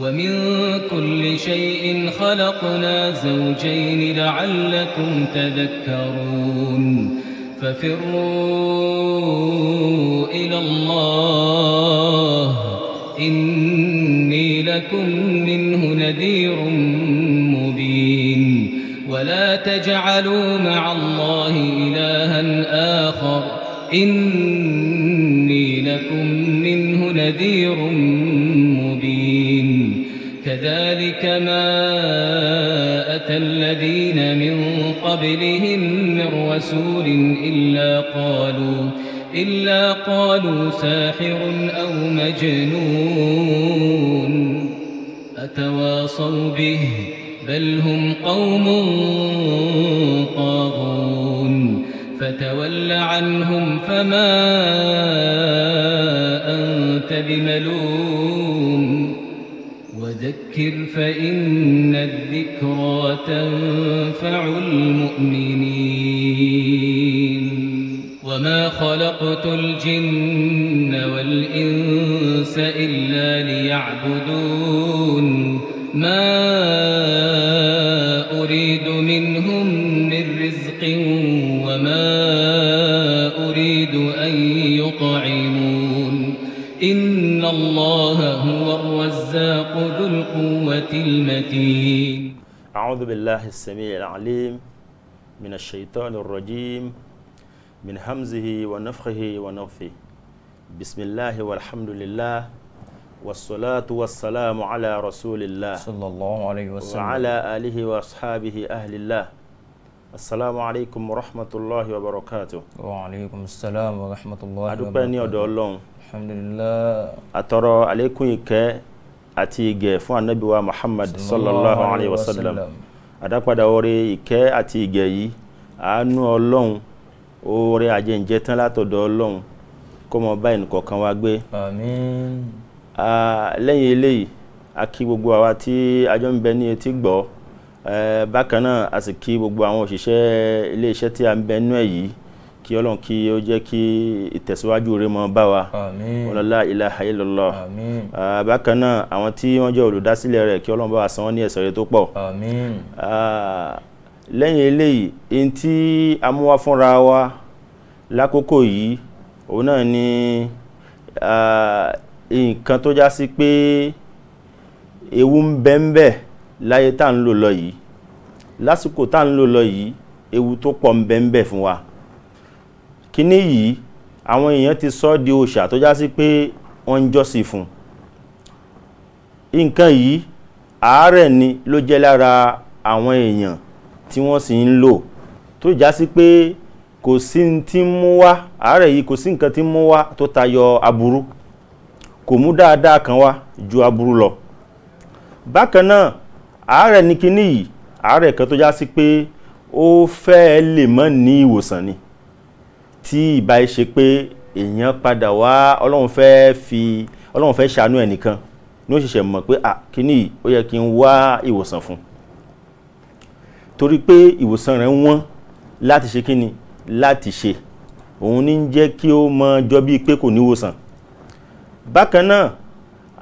ومن كل شيء خلقنا زوجين لعلكم تذكرون ففروا إلى الله إني لكم منه نذير مبين ولا تجعلوا مع الله إلها آخر إني كذلك ما أتى الذين من قبلهم من رسول إلا قالوا إلا قالوا ساحر أو مجنون أتواصوا به بل هم قوم طاغون فتول عنهم فما أنت بملون فذكر فإن الذكرى تنفع المؤمنين وما خلقت الجن والإنس إلا ليعبدون ما أريد منهم من رزق وما أريد أن يطعمون إن الله هو الرزاق ذو القوة المتين أعوذ بالله السميع العليم من الشيطان الرجيم من همزه ونفخه ونفه بسم الله والحمد لله والصلاة والسلام على رسول الله صلى الله عليه وسلم وعلى آله وأصحابه أهل الله السلام عليكم ورحمة الله وبركاته وعليكم السلام ورحمة الله وبركاته الحمد لله barakatu. A dúpẹ́ àti ìgẹ̀ fún ànábì wa Muhammad sallallahu alayhi wa sallam àdápadà oore ìkẹ́ àti ìgẹ̀ yìí àánú ọlọ́run oore àjẹǹjẹ tán látọ̀dọ̀ ọlọ́run kó mọ báyìí nìkọ̀ọ̀kan wa gbé. àmín. lẹ́yìn eléyìí a kí gbogbo àwa tí a jọ ń bẹ ní etí gbọ́ bákan náà a sì kí gbogbo àwọn òṣìṣẹ́ iléeṣẹ́ tí a ń bẹ nú ẹ̀ yìí kí ọlọ́run kí ó jẹ́ kí ìtẹ̀síwájú rẹ̀ mọ́ bá wa ọlọ́lá ilaha illallah bákan náà àwọn tí wọ́n jẹ́ olùdásílẹ̀ rẹ̀ kí ọlọ́run bá wa san wọ́n ní ẹ̀san rere tó pọ̀ lẹ́yìn eléyìí èyí tí a mú wá fúnra wa lákòókò yìí òun náà ni nǹkan tó já sí pé ewu ń bẹ ń bẹ láyé tá à ń lò lọ yìí lásìkò tá à ń lò lọ yìí ewu tó pọ̀ ń bẹ ń bẹ fún wa kíní yìí àwọn èèyàn ti sọ di òòṣà tó já sí pé wọ́n ń jọ́sìn fún nǹkan yìí àárẹ̀ ni ló jẹ́ lára àwọn èèyàn tí wọ́n sì ń lò tó já sí pé kò sí tí ń mú wá àárẹ̀ yìí kò sí nǹkan tí mú wá tó tayọ aburú kò mú dáadáa kan wá ju aburú lọ bákan náà àárẹ̀ ni kíní yìí àárẹ̀ kan tó já sí pé ó fẹ́ẹ́ lè mọ́ ní ìwòsàn ni tí ìbá yìí ṣe pé èèyàn padà wá ọlọ́run fẹ́ fi ọlọ́run fẹ́ ṣàánú ẹnìkan ní ó ṣẹ̀ṣẹ̀ mọ̀ pé à kíní ó yẹ kí n wá ìwòsàn fún torí pé ìwòsàn rẹ̀ wọ́n láti ṣe kíni láti ṣe òun ní jẹ́ kí ó mọ jọ bíi pé kò níwòsàn bákan náà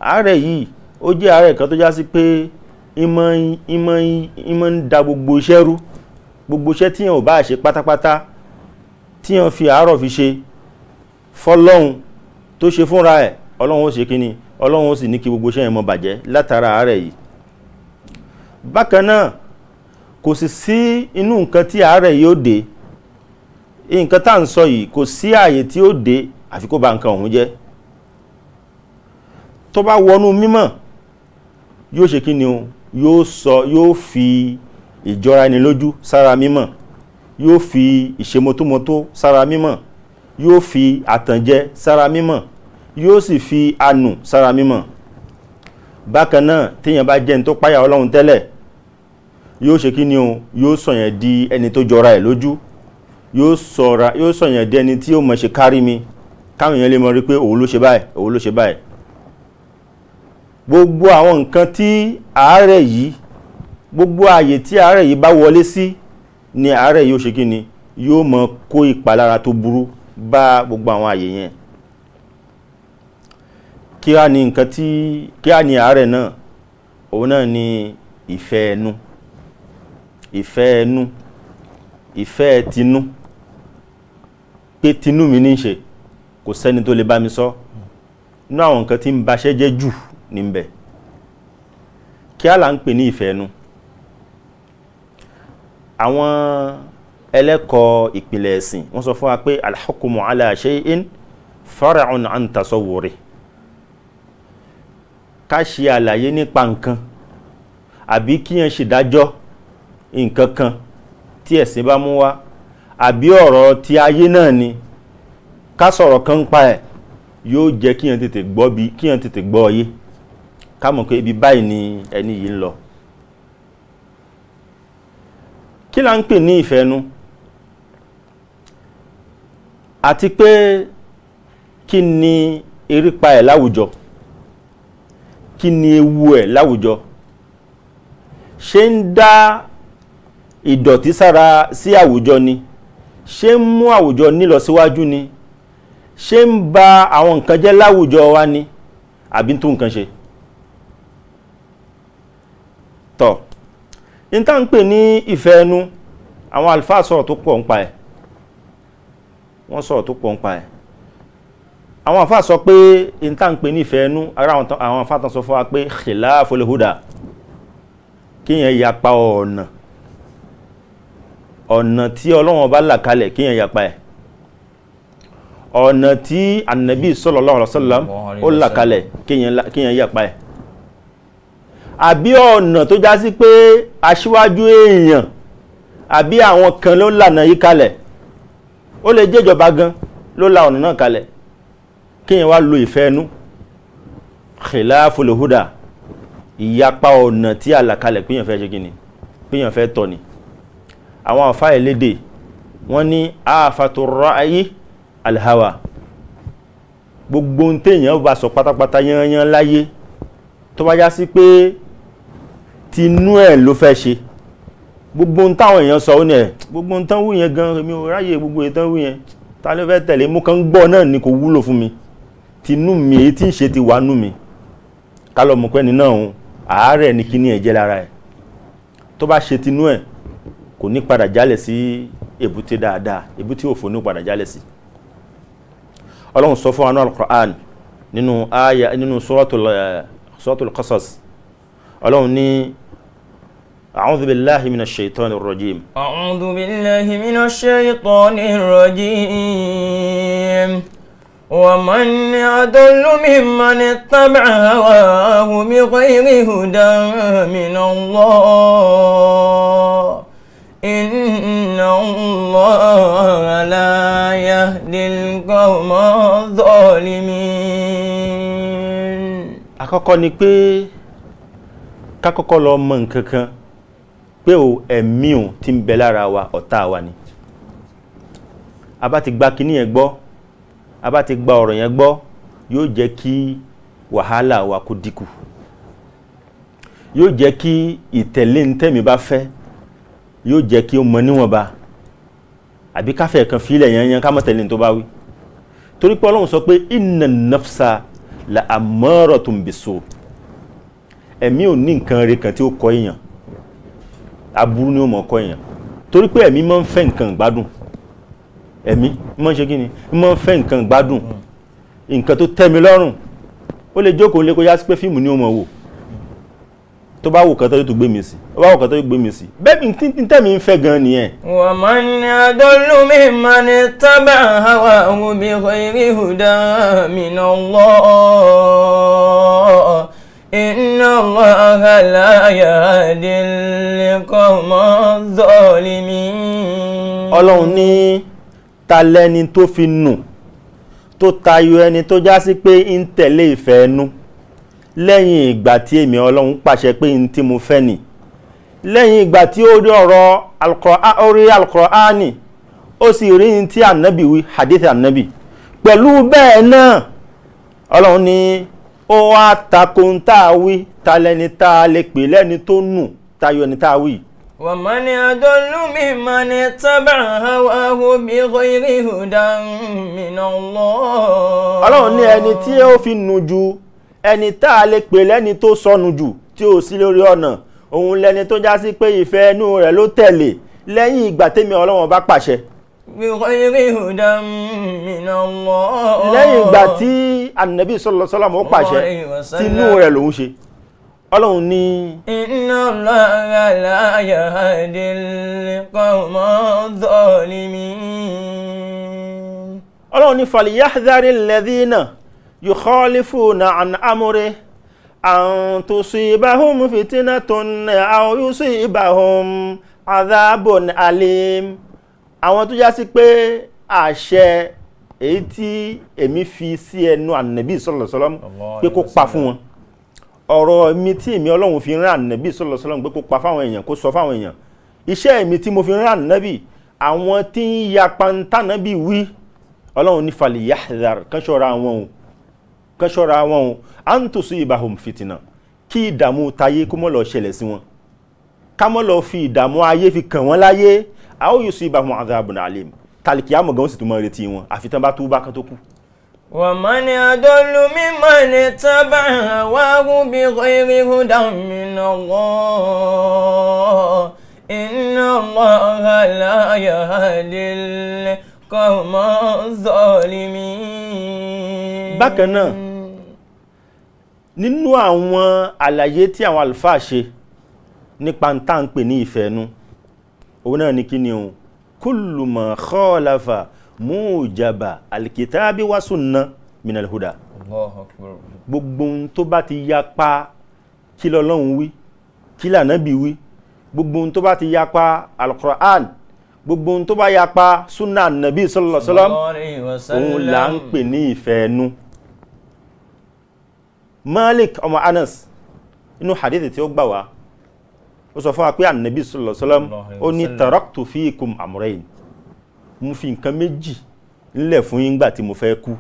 àárẹ̀ yìí ó jẹ́ àárẹ̀ kan tó já sí pé ìmọ̀ ń da gbogbo iṣẹ́ rú gbogbo iṣẹ́ tíyàn ò bá ṣe pátápátá tí yàn fi àárọ̀ fi ṣe fọlọ́hun tó ṣe fúnra ẹ̀ ọlọ́run ó ṣe kíni ọlọ́run ó sì ní kí gbogbo iṣẹ́ yẹn mọ bàjẹ́ látara àárẹ̀ yìí bákan náà kò sì sí inú nǹkan tí àárẹ̀ yìí ó dé nǹkan tá à ń sọ yìí kò sí ààyè tí ó dé àfi kó ba nǹkan ọ̀hún jẹ́ tó bá wọnú mímọ̀ yóò ṣe kíni o yóò sọ yóò fi ìjọra ẹni lójú sára mímọ̀ yóò fi ìṣemotómotó sára mímọ́ yóò fi àtànjẹ sára mímọ́ yóò sì fi anù sára mímọ́ bákan náà téèyàn bá jẹ́ ní tó páyà ọlọ́run tẹ́lẹ̀ yóò ṣe kí ni o yóò sọ̀yàn di ẹni tó jọra ẹ̀ lójú yóò sọ̀yàn di ẹni tí yóò mọ̀ ṣe kárí mi káwọn èèyàn lè mọ̀ rí pé òun ló ṣe báyìí òun ló ṣe báyìí gbogbo àwọn nǹkan tí àárẹ̀ yìí gbogbo ààyè tí àárẹ̀ yìí bá wọlé sí ni àárẹ̀ yóò ṣe kí ni yóò mọ kó ìpalára tó burú bá gbogbo àwọn àyè yẹn kí á ní nǹkan tí kí á ní àárẹ̀ náà òun náà ni ìfẹ́ ẹnu ìfẹ́ ẹnu ìfẹ́ tinú pé tinú mi ní ṣe kò sẹ́ni tó lè bá mi sọ nínú àwọn nǹkan tí ń baṣẹ́ jẹ́ jù níbẹ̀ kí á là ń pè ní ìfẹ́ ẹnu àwọn ẹlẹ́kọ̀ọ́ ìpìlẹ̀ ẹ̀sìn wọ́n sọ fún wa pé alḥukumu ala shay'in fara'un an tasawwuri ká ṣe àlàyé nípa nǹkan àbí kí yẹn ṣèdájọ́ nǹkan kan tí ẹ̀sìn bá mú wá àbí ọ̀rọ̀ ti ayé náà ni ká sọ̀rọ̀ kan pa ẹ̀ yóò jẹ́ kí yẹn tètè gbọ́ bí kí yẹn tètè gbọ́ ọ yé ká mọ̀ pé ibi báyìí ni ẹni yìí ń lọ. kí la ń pè ní ìfẹ́nu àti pé kí ni erípa ẹ̀ láwùjọ kí ni ewu ẹ̀ láwùjọ ṣé ń dá ìdọ̀tí sára sí àwùjọ ni ṣé ń mú àwùjọ nílọsíwájú ni ṣé ń ba àwọn nǹkan jẹ́ láwùjọ wa ni àbí ń nǹkan ṣe tọ́ n tá ń pè ní ìfẹ́ ẹnu àwọn àlùfáà sọ̀rọ̀ tó pọ̀ ń pa ẹ̀ wọ́n sọ̀rọ̀ tó pọ̀ ń pa ẹ̀ àwọn àfáà sọ pé n tá ń pè ní ìfẹ́ ẹnu ara àwọn àfáà tán sọ fún wa pé khilaful huda kíyàn yapa ọ̀nà ọ̀nà tí ọlọ́wọ́n bá là kalẹ̀ kíyàn yapa ẹ̀ ọ̀nà tí ànàbí sallallahu alaihi ó là kalẹ̀ kíyàn yapa ẹ̀ àbí ọ̀nà tó já sí pé aṣíwájú èèyàn àbí àwọn kan ló lànà yìí kalẹ̀ ó lè jẹ́ gan ló la ọ̀nà náà kalẹ̀ kéèyàn wá lo ìfẹ́ ẹnu khilaful huda ìyapa ọ̀nà tí àlàkalẹ̀ péyàn fẹ́ ṣe kíni péyàn fẹ́ tọ̀ ni àwọn àfa ẹ̀lédè wọ́n ní àfàtò ra'ayi alhawa gbogbo ohun téèyàn bá sọ pátápátá yányán láyé tó bá já sí pé tinú ẹ̀ ló fẹ́ ṣe gbogbo ohun táwọn èèyàn sọ ó ní ẹ̀ gbogbo ohun tán wù yẹn gan èmi ò ráyè gbogbo èyí tán wù yẹn ta ló fẹ́ tẹ̀lé mo kàn ń gbọ́ náà ni kò wúlò fún mi tinú mi èyí tí ń ṣe ti wà nú mi ká lọ mọ̀ pé ní náà òun àárẹ̀ ni kíní ẹ̀ jẹ́ lára ẹ̀ tó bá ṣe tinú ẹ̀ kò ní padà jálẹ̀ sí èbúté dáadáa èbúté òfò ní padà jálẹ̀ sí ọlọ́run sọ fún wa ní alukur'an nínú aya nínú suratul qasas ọlọ́run ní. أعوذ بالله من الشيطان الرجيم أعوذ بالله من الشيطان الرجيم ومن أضل ممن اتبع هواه بغير هدى من الله إن الله لا يهدي القوم الظالمين àkọ́kọ́ ni pé ká kọ́kọ́ pé o ẹ̀mí òun ti ń bẹ lára wa ọ̀tá wa ni a bá ti gba kinní yẹn gbọ́ a bá ti gba ọ̀rọ̀ yẹn gbọ́ yóò jẹ́ kí wàhálà wa kó dínkù yóò jẹ́ kí ìtẹ̀lé ntẹ́mi bá fẹ́ yóò jẹ́ kí ó mọ níwọ̀nba àbí káfẹ́ kan fílẹ̀ yanyan ká mọ̀ tẹ̀lé tó bá wí torí pé ọlọ́run sọ pé inna nafsa la ammaratun bisu ẹ̀mí ò ní nǹkan rẹ̀ kan tí ó kọ èèyàn aburú ni ó mọ̀ kọ́ èèyàn torí pé ẹ̀mí máa ń fẹ́ nǹkan gbádùn ẹ̀mí máa ń ṣe kí ni máa ń fẹ́ nǹkan gbádùn nǹkan tó tẹ́ mi lọ́rùn ó lè jókòó lé kó yá sí pé fíìmù ni ó mọ̀ wò tó bá wò kan tó tó gbé mi sí ó bá wò kan tó gbé mi sí bẹ́ẹ̀ ni tẹ́mi ń fẹ́ gan nìyẹn. wa man adallu mimman ittaba'a hawahu bighayri hudan min Allah. إن الله لا يهدي القوم الظالمين ọlọ́run ní ta lẹ́ni tó fi nù tó tayọ ẹni tó já sí pé ń tẹ̀lé ìfẹ́ ẹnu lẹ́yìn ìgbà tí èmi ọlọ́run pàṣẹ pé ń tí mo fẹ́ nì lẹ́yìn ìgbà tí ó rí ọ̀rọ̀ orí alukọ̀ọ́ánì ó sì rí ní ti ànábì wí hadith ànábì pẹ̀lú bẹ́ẹ̀ náà ọlọ́run ní ó wá tako ń tá a wí ta lẹni tá a lè pè lẹ́ni tó nù tayọ ni tá a wí. wa man adallu mimman ittaba'a hawahu bighayri hudan min Allah. ọlọ́run ní ẹni tí ó fi nù ju ẹni tá a lè pè lẹ́ni tó sọnù jù tí ò sí lórí ọ̀nà òun lẹni tó já sí pé ìfẹ́ inú rẹ̀ ló tẹ̀lé lẹ́yìn ìgbà tèmi ọlọ́run bá pàṣẹ. بغير هدى من الله. lẹ́yìn ìgbà tí ànàbí sọ̀rọ̀ sọ́lá mọ́ pàṣẹ tinú rẹ̀ lòún ṣe ọlọ́run ní. inna Allaha la yahdil qawma dhalimin. ọlọ́run ní falyahdhari alladhina yukhalifuna an amrihi an tusibahum fitnatun aw yusibahum adhabun alim àwọn tó já sí pé àṣẹ èyí tí èmi fi sí ẹnu ànàbí sọlọsọlọm pé kó pa fún wọn ọ̀rọ̀ mi tí èmi ọlọ́run fi rán ànàbí sọlọsọlọm pé kó pa fáwọn èèyàn kó sọ fáwọn èèyàn iṣẹ́ mi tí mo fi rán ànàbí àwọn tí ń ya pantánàbí wí ọlọ́run ní falẹ̀ yahdhar kán ṣọ́ra wọn o kán ṣọ́ra wọn à ń tòṣù ìbáhùn fìtìnà kí ìdààmú tayé kó mọ́ lọ ṣẹlẹ̀ sí wọn ká mọ́ lọ fi ìdààmú ayé fi kàn wọ́n láyé aw yusibahum adhabun alim tàlìkìyàmọ̀ gan sì tún mọ retí wọn àfi tán bá tú bá kan tó kú. wa man adallu mimman ittaba'a hawahu bighayri hudan min Allah inna Allaha la yahdil qawma zalimin. bákan náà nínú àwọn àlàyé tí àwọn àlùfáà ṣe nípa ń tà ń pè ní ìfẹ́ nu òun náà ni kí ni o kullu ma khalafa mujaba alkitabi wa sunna min alhuda gbogbo ohun tó bá ti yapa kí lọ́lọ́run wí kí lànábì wí gbogbo ohun tó bá ti yapa alquran gbogbo ohun tó bá yapa sunna nabi sallallahu alaihi òun là ń pè ní ìfẹ́ malik ọmọ anas inú hadithi tí ó gbà wá ó sọ fún wa pé ànábì sọlọ sọlọm ó ní taraktu fiikum amrayn mo fi nǹkan méjì ńlẹ̀ fún yín gbà tí mo fẹ́ kú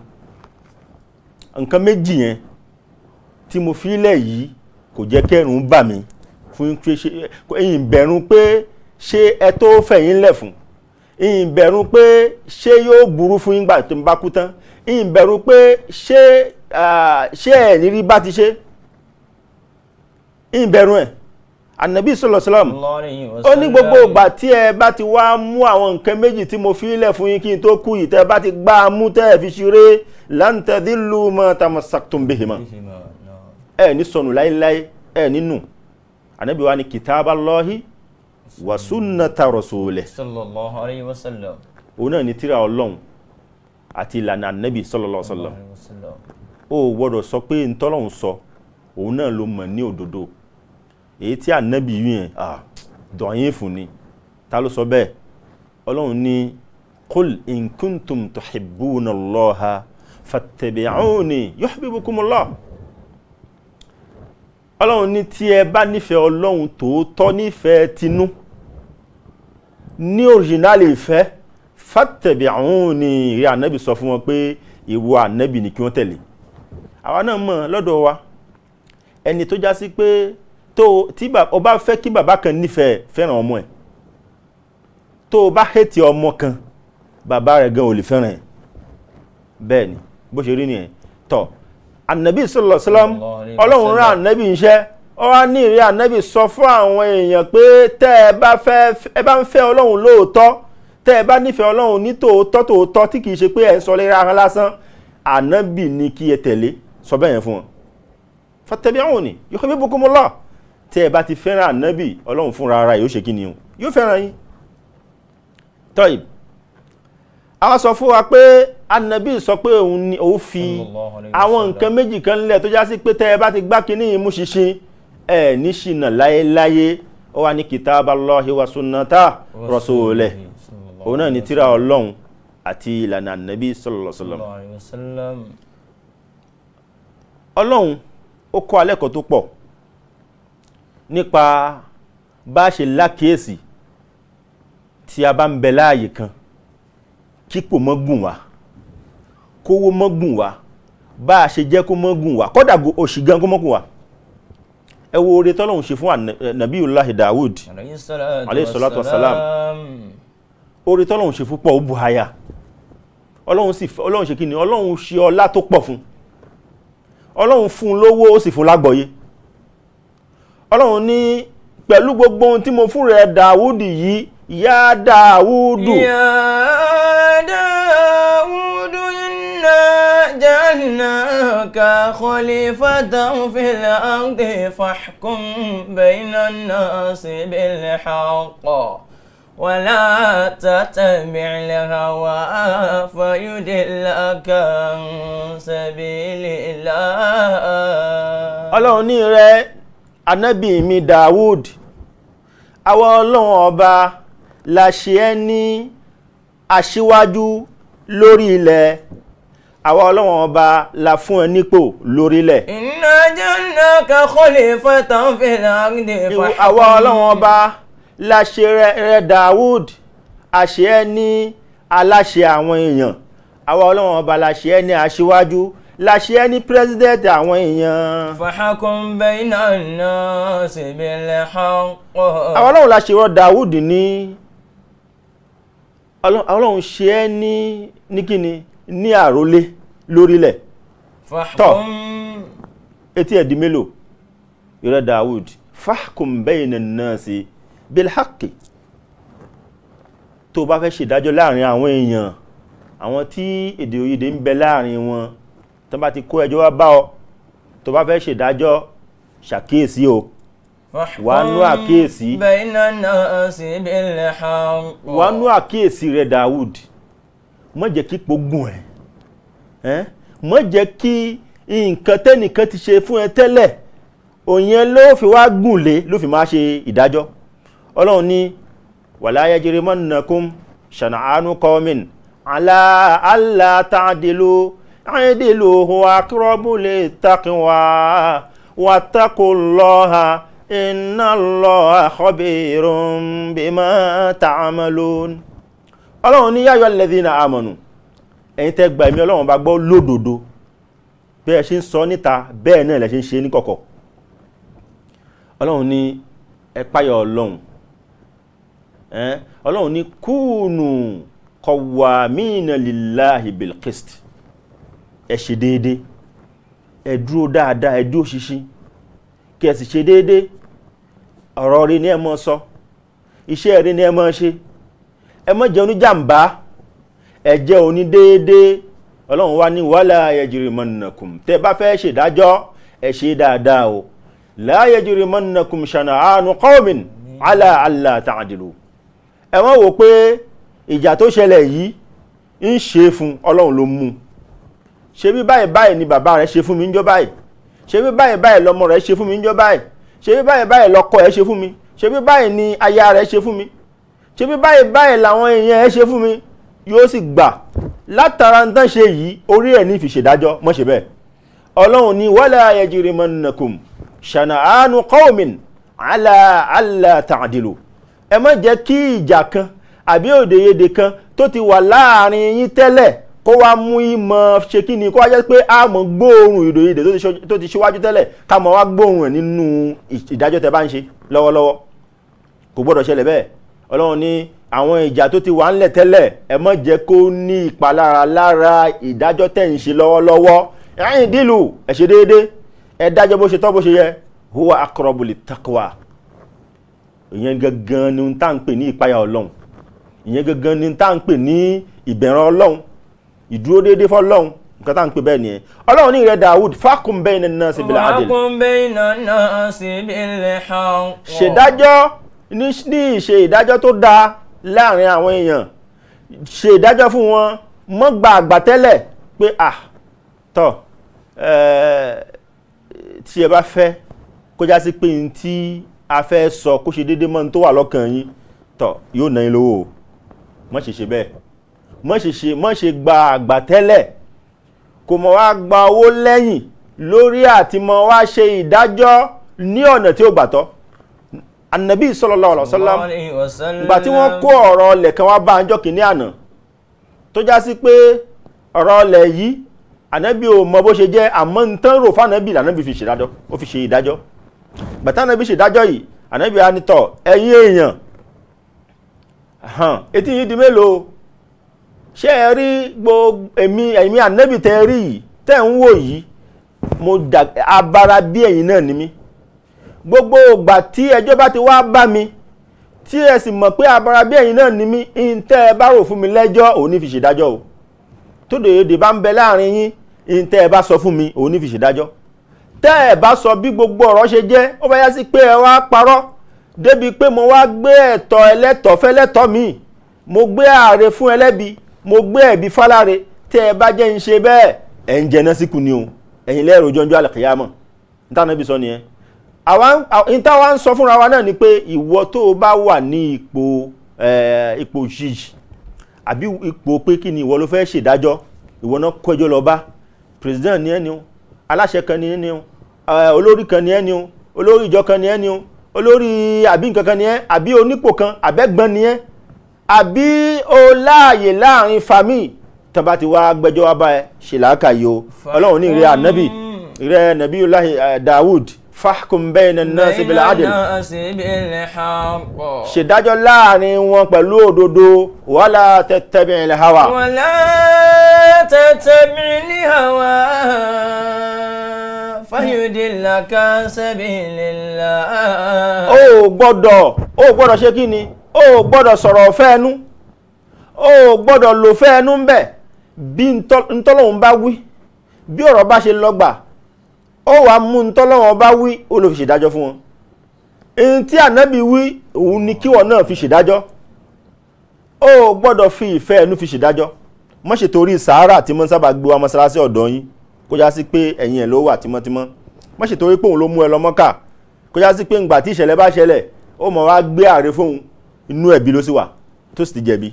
nǹkan méjì yẹn tí mo fi lẹ̀ yìí kò jẹ́ kẹ́rùn bà mí fún pé ṣe ẹ̀yin bẹ̀rù pé ṣé ẹ tó fẹ̀yìn lẹ̀ fún ẹ̀yin bẹ̀rù pé ṣé yóò burú fún yín gbà tó ń bá kú tán ẹ̀yin bẹ̀rù pé ṣé ṣé ẹ̀ nírí bá ti ṣe ẹ̀yin bẹ̀rù ẹ̀ ànàbí sọlọsọlọm ó ní gbogbo ìgbà tí ẹ bá ti wá mú àwọn nǹkan méjì tí mo fi lẹ̀ fún yín kí n tó kú yìí tẹ́ bá ti gbá a mú tẹ́ ẹ fi ṣeré láǹtẹ̀dínlù mọ́ tamasaktum bihima ẹ ní sọnù láíláí ẹ nínú ànàbí wa ní kitaballahi wa sunnata rasulih sallallahu òun náà ní tíra ọlọ́run àti ìlànà ànàbí sallallahu sallam ó gbọ́dọ̀ sọ pé ntọ́lọ́run sọ òun náà ló mọ̀ ní òdodo èyí tí ànábì yìí yẹn dọ̀yìn fún ni ta ló sọ bẹ́ẹ̀ ọlọ́run ní kul in kuntum tuhibbuna Allaha fattabi'uni yuhibbukumullah ọlọ́run ní tí ẹ bá nífẹ̀ẹ́ ọlọ́run tòótọ́ nífẹ̀ẹ́ tinú ní òrìjìnálì ìfẹ́ fattabi'uni rí ànábì sọ fún wọn pé ìwọ ànábì ni kí wọ́n tẹ̀lé àwa náà mọ̀ lọ́dọ̀ wa ẹni tó já sí pé tó tí o bá fẹ́ kí bàbá kan nífẹ̀ẹ́ fẹ́ràn ọmọ ẹ̀ tó o bá hẹ́tì ọmọ kan bàbá rẹ̀ gan ò ẹ̀ bẹ́ẹ̀ ni bó ṣe rí nìyẹn tọ́ ànábì sallallahu alaihi wasallam ọlọ́run rán ànábì iṣẹ́ ó wá ní ìrí ànábì sọ fún àwọn èèyàn pé tẹ́ ẹ bá fẹ́ ẹ bá ń fẹ́ ọlọ́run lóòótọ́ tẹ́ ẹ bá nífẹ̀ẹ́ ọlọ́run ní tòótọ́ tòótọ́ tí kì í ṣe pé ẹ ń sọ lera ara lásán ànábì ni kí ẹ tẹ̀lé sọ bẹ́ẹ̀ yẹn fún wọn fattabi'uni yuhibbukumullah tẹ́ ẹ bá ti fẹ́ràn ànábì ọlọ́run fúnra ara yóò ṣe kí ni o yóò fẹ́ràn yín tọ́yì àwọn sọ fún wa pé ànábì sọ pé òun ni òun fi àwọn nǹkan méjì kan lẹ̀ tó já sí pé tẹ́ ẹ bá ti gbá kínní yìí ṣinṣin ẹ ní ṣìnà láéláé ó wà ní kitaballahi wa sunnata rasulih òun náà ni tírà ọlọ́run àti ìlànà ànábì sallallahu alaihi wasallam ọlọ́run ó kọ́ alẹ́kọ̀ọ́ tó pọ̀ nípa bá a ṣe lákèésì tí a bá ń bẹ láàyè kan kípò mọ́ gùn wá kówó mọ́ gùn wá bá a ṣe jẹ́ kó mọ́ gùn wá kódà òṣì gan kó mọ́ wá ẹ wo tọ́lọ́hun ṣe fún Nabiyullahi Dawud alayhi salatu wasalam oore tọ́lọ́hun ṣe fún pọ̀ ó buhaya ọlọ́hun sì ọlọ́hun ṣe kí ni ọlọ́hun ṣe ọlá tó pọ̀ fún ọlọ́hun fún lówó ó sì fún lágbọ̀ọ́yé ọlọ́run ní pẹ̀lú gbogbo ohun tí mo fún rẹ̀ dàwúdì yìí yá dàwúdù. yá dàwúdù inna ja'alnaka khalifatan fil ardi fahkum bayna an-nasi bil haqq. ولا تتبع الهوى فيدلك عن سبيل الله anábì mi Dawud àwọn ọlọ́run ọba la ṣe ẹ́ ní aṣíwájú lórí ilẹ̀ àwa ọlọ́wọ́n ọba la fún ẹ nípò lórílẹ̀. inna ja'alnaka khalifatan fil ardi fàṣẹ. àwa ọlọ́wọ́n ọba la ṣe rẹ Dawud àṣẹ ẹ ní aláṣẹ àwọn èèyàn àwa ọlọ́wọ́n ọba la ṣe ẹ ní aṣíwájú láṣẹ ẹ president àwọn èèyàn. fàákùn bẹ́ẹ̀nà náà síbi lẹ́hàn pọ̀. àwọn ọlọ́run láṣẹ wọ́n Dawud ní ọlọ́run ṣe ẹ́ ní ní kíni ní àrólé lórílẹ̀. tọ́ etí ẹ̀dí mélòó ìrẹ́ Dawud fàákùn bẹ́ẹ̀nà náà sí bilhaki tó bá fẹ́ ṣèdájọ́ láàrin àwọn èèyàn àwọn tí èdè òyìnbó ń bẹ láàrin wọn tó bá ti kó ẹjọ́ wá bá ọ tó bá fẹ́ ṣèdájọ́ ṣàkíyèsí o wàánú àkíyèsí wàánú àkíyèsí rẹ Dawud má jẹ́ kí pogun ẹ̀ má jẹ́ kí nǹkan tẹ́nìkan ti ṣe fún ẹ tẹ́lẹ̀ òyìn ló fi wá gùn ló fi máa ṣe ìdájọ́ ọlọ́run ní wala yajrimannakum shana'anu qawmin ala alla ta'dilu. عدله أقرب للتقوى واتقوا الله إن الله خبير بما تعملون ọlọ́run ní yáyọ alladhina amanu ẹ̀yin tẹ́ gba ẹ̀mí ọlọ́run bá gbọ́ lódodo bí ẹ ṣe ń sọ níta bẹ́ẹ̀ náà lẹ ṣe ń ṣe ní ẹ ọlọ́run ní kúùnù ẹ ṣe déédéé ẹ dúró dáadáa ẹ dúró ṣinṣin kí ẹ sì ṣe déédéé ọ̀rọ̀ rẹ ni ẹ máa sọ iṣẹ́ rẹ ni ẹ máa ṣe ẹ má jẹ́ oníjàmbá ẹ jẹ́ onídéédéé ọlọ́run wá ní wàhálà ẹ̀jìrì mọ̀nàkùn tẹ́ bá fẹ́ ṣèdájọ́ ẹ ṣe dáadáa o láàyè jìrì mọ̀nàkùn ṣànà àánú kọ́ọ̀mìn àlà àlà tàdìlù ẹ wọ́n wò pé ìjà tó ṣẹlẹ̀ yìí ń ṣe fún ọlọ́run ló mú un ṣebí báyìí báyìí ni bàbá rẹ ṣe fún mi níjọ́ báyìí ṣebí báyìí báyìí lọmọ rẹ ṣe fún mi níjọ́ báyìí ṣebí báyìí báyìí lọkọ ẹ ṣe fún mi ṣebí báyìí ni aya rẹ ṣe fún mi ṣebí báyìí báyìí làwọn èèyàn ẹ ṣe fún mi yóò sì gbà látara ń tán ṣe yìí orí ẹ̀ ní ìfìṣèdájọ́ mọ́ ṣe bẹ́ẹ̀ ọlọ́run ní wala yajrimannakum shana'anu qawmin ala alla ta'dilu ẹ má jẹ́ kí ìjà kan àbí òdeyede kan tó ti wà láàrin yín tẹ́lẹ̀ kó wá mú ìmọ̀ ṣe kí ni kó wá jẹ́ pé a mọ̀ gbóòórùn ìròyìn èdè tó ti ṣíwájú tẹ́lẹ̀ ká mọ̀ wá gbóòórùn ẹ̀ nínú ìdájọ́ tẹ bá ń ṣe lọ́wọ́lọ́wọ́ kò gbọ́dọ̀ ṣẹlẹ̀ bẹ́ẹ̀ ọlọ́run ní àwọn ìjà tó ti wà ńlẹ̀ tẹ́lẹ̀ ẹ má jẹ́ kó ní ìpalára lára ìdájọ́ tẹ̀ ń ṣe lọ́wọ́lọ́wọ́ ẹ̀yìn dílù ẹ̀ ṣe déédé ẹ huwa aqrabu littaqwa ìyẹn gangan ni tá à ń pè ní ìpayà ọlọ́run ìyẹn gangan pè ní ìbẹ̀rẹ̀ ọlọ́run ìdúró déédéé fọ́lọ́run nǹkan tá à ń pè bẹ́ẹ̀ nìyẹn ọlọ́run ní ìrẹ́ Dawud fákùn bẹ́ẹ̀ náà sí bílẹ̀ adìl. fákùn bẹ́ẹ̀ náà sí bílẹ̀ hàn. ṣèdájọ́ ní ìṣe ìdájọ́ tó dáa láàrin àwọn èèyàn ṣe ìdájọ́ fún wọn mọ́ gba àgbàtẹ́lẹ̀ pé à tọ̀ tí ẹ bá fẹ́ kó já sí pé ní tí a fẹ́ sọ kó ṣe déédéé mọ́ ní tó wà lọ́kàn yín tọ̀ yóò ná lówó mọ́ ṣe ṣe bẹ́ẹ̀ mọ́ṣẹ̀ṣe mọ́ṣe gba àgbàtẹ́lẹ̀ kò mọ̀ wá gba owó lẹ́yìn lórí àti mọ̀ wá ṣe ìdájọ́ ní ọ̀nà tí ó gbàtọ́ anabi sallallahu alaihi wasallam ìgbà tí wọ́n kó ọ̀rọ̀ ọlẹ̀ kan wá bá àjọ kìíní àná tó já sí pé ọ̀rọ̀ ọlẹ̀ yìí anabi ò mọ bó ṣe jẹ́ àmọ́ ń tán rò fánabi lànàbì fi ṣèdájọ́ ó fi ṣe ìdájọ́ bàtà anabi ṣèdájọ́ yìí anabi anitọ ẹ̀yin èèyàn etí yìí di mélòó ṣé ẹ rí gbogbo èmi èmi ànẹ́bì tẹ́ rí yìí tẹ́ ń wò yìí mo jà abara bí ẹ̀yin náà ni mí gbogbo ìgbà tí ẹjọ́ bá ti wá bá mi tí ẹ sì mọ̀ pé abara bí ẹ̀yin náà ni mí ìǹtẹ́ ẹ bá rò fún mi lẹ́jọ́ òun ní fi ṣèdájọ́ o tó dòyòdè bá ń bẹ láàrin yín ìǹtẹ́ ẹ bá sọ fún mi òun ní fi ṣèdájọ́ tẹ́ ẹ bá sọ bí gbogbo ọ̀rọ̀ ṣe jẹ́ ó bá yá sí pé ẹ wá parọ́ débi pé mo wá gbé ẹ̀tọ́ ẹlẹ́tọ̀ fẹ́lẹ́tọ̀ mi mo gbé ààrẹ fún ẹlẹ́bi mo gbé ẹ̀bí fáláre tẹ́ ẹ bá jẹ́ ń ṣe bẹ́ẹ̀ ẹ̀ ń jẹ náà síkù ni o ẹ̀yin lẹ́rọ jọ́njọ́ àlàkìyàmọ̀ níta níbi sọ nìyẹn níta wa ń sọ fúnra wa náà ni pé ìwọ tó o bá wà ní ipò ipò yìí àbí ipò pé kí ni ìwọ ló fẹ́ ṣèdájọ́ ìwọ náà kọjọ́ lọ bá president ni ẹ ni o aláṣẹ kan ni ẹ ni o olórí kan ni ẹ ni o olórí ìjọ kan ni ẹ ni o olórí àbí nǹkan kan ni ẹ àbí onípò kan àbẹ́gbọ́n ni ẹ àbí o láàyè láàrin fami tó bá ti wá gbẹ́jọ́ wá bá ẹ ṣe làákàyè o ọlọ́run ní ìrẹ́ ànábì ìrẹ́ nàbí ọláhì Dawud fahkum bayna an-nasi bil adl ṣèdájọ́ láàrin wọn pẹ̀lú òdodo wala tattabi'il hawa. wala tattabi'il hawa fayudillaka sabilillah. o gbọ́dọ̀ o gbọ́dọ̀ ṣe kí ni o ò gbọ́dọ̀ sọ̀rọ̀ ọ̀fẹ́ ẹnu o ò gbọ́dọ̀ lò fẹ́ ẹnu ń bẹ̀ bí ntọ́lọ́hún bá wí bí ọ̀rọ̀ bá ṣe lọ gbà ó wàá mú ntọ́lọ́hún bá wí ó lò fi ṣèdájọ́ fún wọn ohun tí ànábì wí òun ni kíwọ náà fi ṣèdájọ́ o ò gbọ́dọ̀ fi ìfẹ́ ẹnu fi ṣèdájọ́ má ṣe torí tí mo ń sábà gbé wa mọ́ṣáláṣí ọ̀dọ́ yín kó já sí pé ẹ̀yìn ẹ̀ ló wà tímọ́tímọ́ má ṣe pé òun ló mú ẹ lọ kó já sí pé ǹgbà tí bá ṣẹlẹ̀ ó mọ̀ wá gbé ààrẹ fóun inú ẹ̀bi ló sì wà tó sì ti jẹ̀bi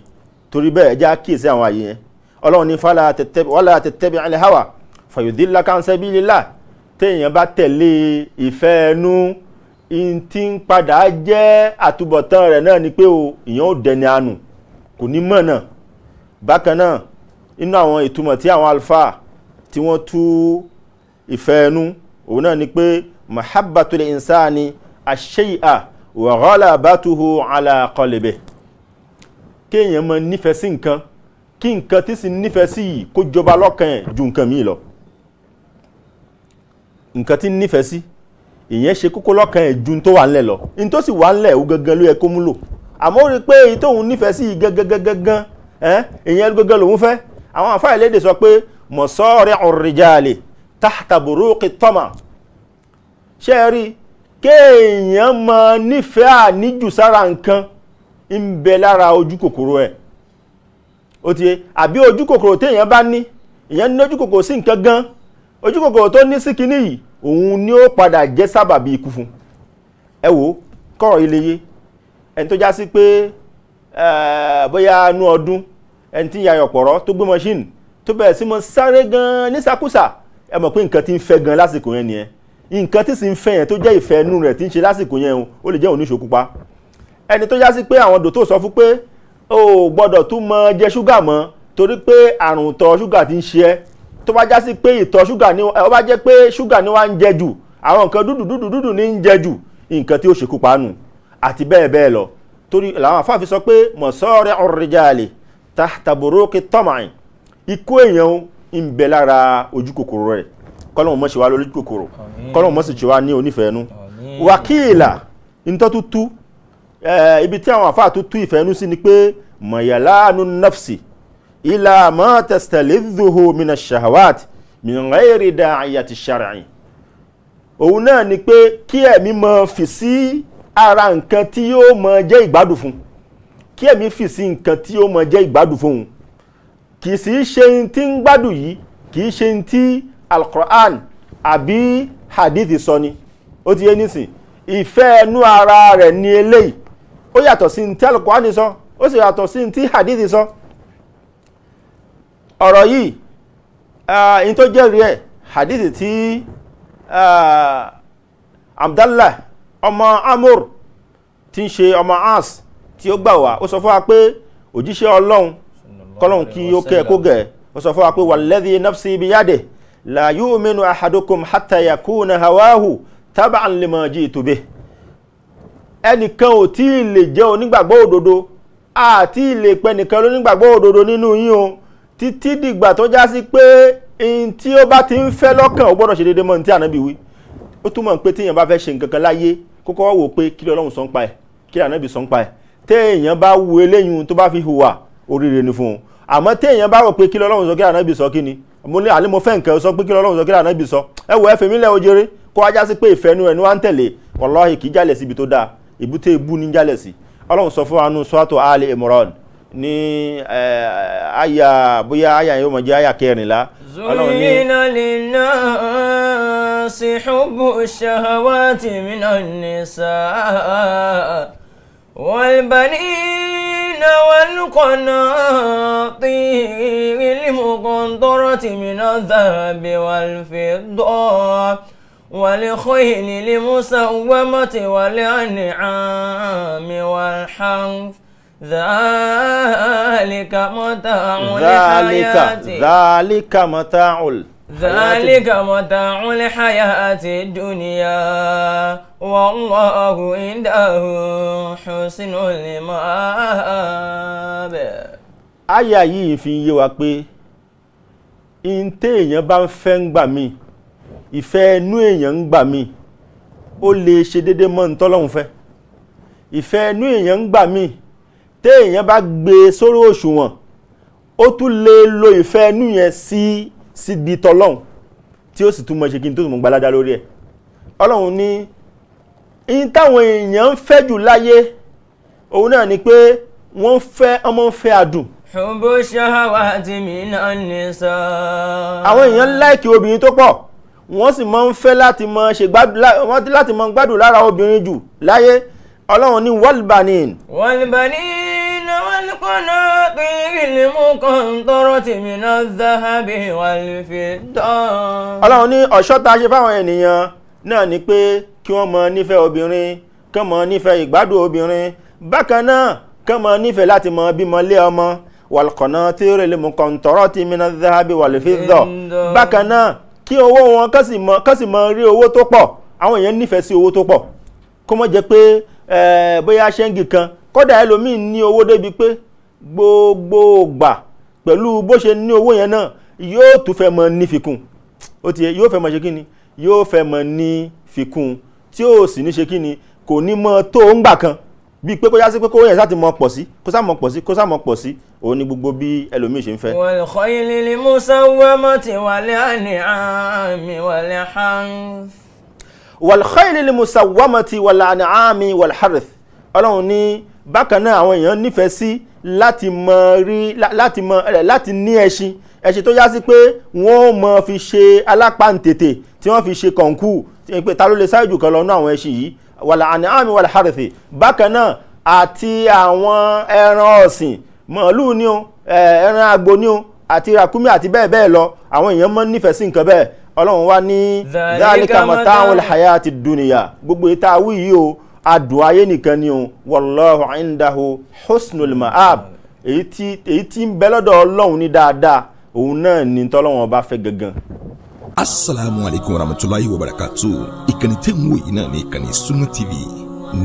torí bẹ́ẹ̀ ẹja kíyèsí àwọn àyè yẹn ọlọ́run ní fàlà tẹ̀tẹ̀ wàlà tẹ̀tẹ̀bi alẹ́ hàwà fàyòdì lákànṣẹ́ bí lílà téèyàn bá tẹ̀lé ìfẹ́ ẹnu ti ń padà jẹ́ àtúbọ̀tán rẹ̀ náà ni pé o ìyẹn ò dẹni àánú kò ní mọ̀ náà bákan náà inú àwọn ìtumọ̀ tí àwọn alfa tí wọ́n tú ìfẹ́ ẹnu òun náà ni pé mahabbatul insani àṣeyà wàhálà bàtúhù alákọlẹ̀bẹ̀ kéèyàn mọ nífẹ̀ẹ́ sí nǹkan kí nǹkan tí sì nífẹ̀ẹ́ sí yìí kó jọba lọ́kàn ẹ̀ ju nǹkan míì lọ nǹkan tí nífẹ̀ẹ́ sí ìyẹn ṣe kókó lọ́kàn ẹ̀ ju tó wà ńlẹ̀ lọ ní tó sì wà ńlẹ̀ ó gangan ló yẹ kó múlò àmọ́ rí pé èyí tóun nífẹ̀ẹ́ sí yìí gangan ìyẹn gangan lòun fẹ́ àwọn àfáà ìlédè sọ pé mọ̀sọ́ọ̀rẹ́ ọ̀rẹ́jà àlè kìtọ́mà ṣé ẹ rí i kéèyàn mọ nífẹ̀ẹ́ àníjù sára nǹkan ń bẹ lára ojú kòkòrò ẹ̀ ó ti àbí ojú kòkòrò téèyàn bá ní èèyàn ní ojú kòkòrò sí nǹkan gan ojú kòkòrò tó ní sí yìí òun ni ó padà jẹ́ sábàbí ikú fún ẹ wò kọ́rọ̀ ilé yé ẹni tó já sí pé bóyá inú ọdún ẹni tí yayọ̀ pọ̀rọ̀ tó gbé mọ́ṣíìnì tó bẹ̀rẹ̀ sí mọ́ sáré gan nísàkúsà ẹ mọ̀ pé nǹkan ti ń fẹ́ gan lásìkò yẹn nìyẹn nǹkan tí sì ń fẹ́ yẹn tó jẹ́ ìfẹ́ inú rẹ̀ tí ń ṣe lásìkò yẹn ó lè jẹ́ oníṣòkúpa ẹni tó já sí pé àwọn dòtò sọ fún pé o ò gbọ́dọ̀ tún mọ jẹ ṣúgà mọ́ torí pé àrùn ìtọ̀ ṣúgà ti ń ṣe ẹ́ tó bá já sí pé ìtọ̀ ṣúgà ni ó bá jẹ́ pé ṣúgà ni wàá ń jẹ jù àwọn nǹkan dúdú dúdú dúdù ní ń jẹ jù nǹkan tí ó ṣekúpa nù àti bẹ́ẹ̀ bẹ́ẹ̀ lọ torí làwọn àfáàfin sọ pé mọ̀sọ́ọ̀rẹ́ ọ̀rẹ́jàlè tàbùrọ̀kì tọ́mọ̀ọ́yìn ikú èèyàn ń bẹ lára ojú kòkòrò rẹ̀ kọ́lọ́hún mọ̀ ṣe wá lórí kòkòrò kọ́lọ́hún mọ̀ sì ṣe wá ní onífẹ̀ẹ́nu wàkíìlà ntọ́tútú eh, ibi tí àwọn àfáà tútú ìfẹ́nu sí ni pé mọ̀yàlánu nafsi ilà mọ́ tẹ̀sítẹ̀lẹ́dùhù mina shahawat mìíràn èrè dá àyàtì ṣàràyìn òun náà ni pé kí ẹ̀mí mọ fi sí ara nǹkan tí yóò mọ jẹ́ ìgbádùn fún kí ẹ̀mí fi sí nǹkan tí yóò mọ jẹ́ ìgbádùn fún kì í sì í ṣe tí ń gbádùn yìí kì í ṣe tí alukur'an àbí hadithi sọ ni ó ti yé nísìn ìfẹ́ ẹnu ara rẹ̀ ni eléyìí ó yàtọ̀ sí ní tí alukur'an sọ ó sì yàtọ̀ sí ní tí hadithi sọ ọ̀rọ̀ yìí in tó jẹ́rìí ẹ̀ hadithi tí abdallah ọmọ amur tí ń ṣe ọmọ ans tí ó gbà wá ó sọ fún wa pé òjíṣẹ́ ọlọ́run kọ́lọ́run kí ó kẹ́ kó gẹ̀ ó sọ fún wa pé walladhi nafsi biyadihi la yu'minu ahadukum hatta yakuna hawahu tab'an lima jitu bih ẹnìkan ò tí ì lè jẹ́ onígbàgbọ́ òdodo àti ìlè pẹ́ nìkan lónígbàgbọ́ òdodo nínú yín o títí dìgbà tó já sí pé ihun tí ó bá ti ń fẹ́ lọ́kàn ó gbọ́dọ̀ ṣe déédéé mọ́ ní tí ànábì wí ó túmọ̀ pé téèyàn bá fẹ́ ṣe nǹkan kan láyé kókó wò pé kí Ọlọ́run sọ ń pa ẹ̀ kí ànábì sọ ń pa ẹ̀ téèyàn bá wo eléyìí tó bá fi hùwà oríire ni fún un àmọ́ téèyàn bá rò pé kí Ọlọ́run sọ kí ànábì sọ kí ni mo ní àní mo fẹ́ nǹkan sọ pé kí lọ́lọ́run sọ kí lànà ibi sọ ẹ wò ẹ fèmí lẹ́ ojere kó ajá sí pé ìfẹ́ nu ẹnu ń tẹ̀lé wàláhì kì í jálẹ̀ síbi tó dáa ìbúté ibú ní jálẹ̀ sí ọlọ́run sọ fún anú sọ́tò Ali Imran ní eh, àyà bóyá àyà yóò mọ̀ jẹ́ àyà kẹrìnlá. zuyina si hubbu shahawati minan nisa walbani. والقناطير المقنطرة من الذهب والفضة والخيل المسومة والأنعام والحنف ذلك متاع ذلك ذلك متاع ذلك متاع الحياة الدنيا والله عنده حسن المآب àyà yìí fi yé wa pé in téèyàn bá ń fẹ́ ń gbà mí ìfẹ́ inú èèyàn ń gbà mí ó lè ṣe déédéé mọ́ ní tọ́lọ́hún fẹ́ ìfẹ́ inú èèyàn ń gbà mí téèyàn bá gbé lo ìfẹ́ inú yẹn sí síbi tọ́lọ́hún tí ó sì tún mọ̀ ṣe kí n tó tún mọ̀ gbalada lórí ẹ̀ ọlọ́run ní in táwọn èèyàn ń fẹ́ jù láyé òun náà ni pé wọ́n fẹ́ ọmọ ń fẹ́ àdùn. ṣùgbọ́n ṣáwáàtì mi náà ní sọ. àwọn èèyàn láìkì obìnrin tó pọ̀ wọ́n sì máa ń fẹ́ láti máa ṣe láti máa gbádùn lára obìnrin jù láyé ọlọ́run ní wọ́lbanin. wọ́lbanin wọ́lkọ́nà kìrìlì mú kan tọrọ tèmi náà záhábì wàlúfẹ́ dán. ọlọ́run ní ọ̀ṣọ́ ṣe fáwọn ènìyàn náà ni pé kí wọ́n mọ nífẹ̀ẹ́ obìnrin kán mọ nífẹ̀ẹ́ ìgbádùn obìnrin bákan náà kán mọ nífẹ̀ẹ́ láti mọ bímọ lé ọmọ wàlùkọ̀nà tí ó rèlè mú kọ̀ǹtọ̀rọ̀ tí mi náà dábì wà lè fi dọ̀ bákan náà kí owó wọn kán sì mọ rí owó tó pọ̀ àwọn èèyàn nífẹ̀ẹ́ sí owó tó pọ̀ kó mọ̀ jẹ́ pé bóyá ṣẹ́ǹgì kan kódà ẹlòmíín ní owó débi pé gbogbo gbà pẹ̀lú bó ṣe ní owó yẹn náà yóò tún fẹ́ mọ ní ó ti yóò fẹ́ mọ ṣe kí ni yóò fẹ́ mọ ní tí ó sì ní ṣe kí ni kò ní mọ tó ń gbà kan bíi pé kó yá sí pé kó yẹn sáà ti mọ pọ̀ sí kó sáà mọ pọ̀ sí kó sáà mọ pọ̀ sí òun ni gbogbo bí ẹlòmíì ṣe ń fẹ́. wal khayli musawwamati wal an'ami wal harth. wal khayli musawwamati wal an'ami wal harth ọlọ́run ní bákan náà àwọn èèyàn nífẹ̀ẹ́ sí láti mọ rí láti mọ láti ní ẹṣin ẹṣin tó yá sí pé wọ́n mọ fi ṣe alápàǹtètè tí wọ́n fi ṣe kọ̀ǹkù pé ta ló lè sáré jù kan lọ́nà àwọn ẹṣin yìí wàlà àní àmì wàlà harithi bákan náà àti àwọn ẹran ọ̀sìn màálù ni o ẹran agbo ni o àti ràkúnmí àti bẹ́ẹ̀ bẹ́ẹ̀ lọ àwọn èèyàn mọ́ nífẹ̀ẹ́ sí nǹkan bẹ́ẹ̀ ọlọ́run wá ní dhalika mata'ul hayati dunya gbogbo ìta awí yìí o adùn ayé nìkan ni o wallahu indahu husnul ma'ab èyí tí ń bẹ lọ́dọ̀ ọlọ́run ní dáadáa òun náà ní tọ́lọ́run ọba fẹ́ gangan asalaamualeykum warahmatulahi wabarakatu ìkànnì tẹ́ ń wò yìí náà ní ìkànnì Sunna TV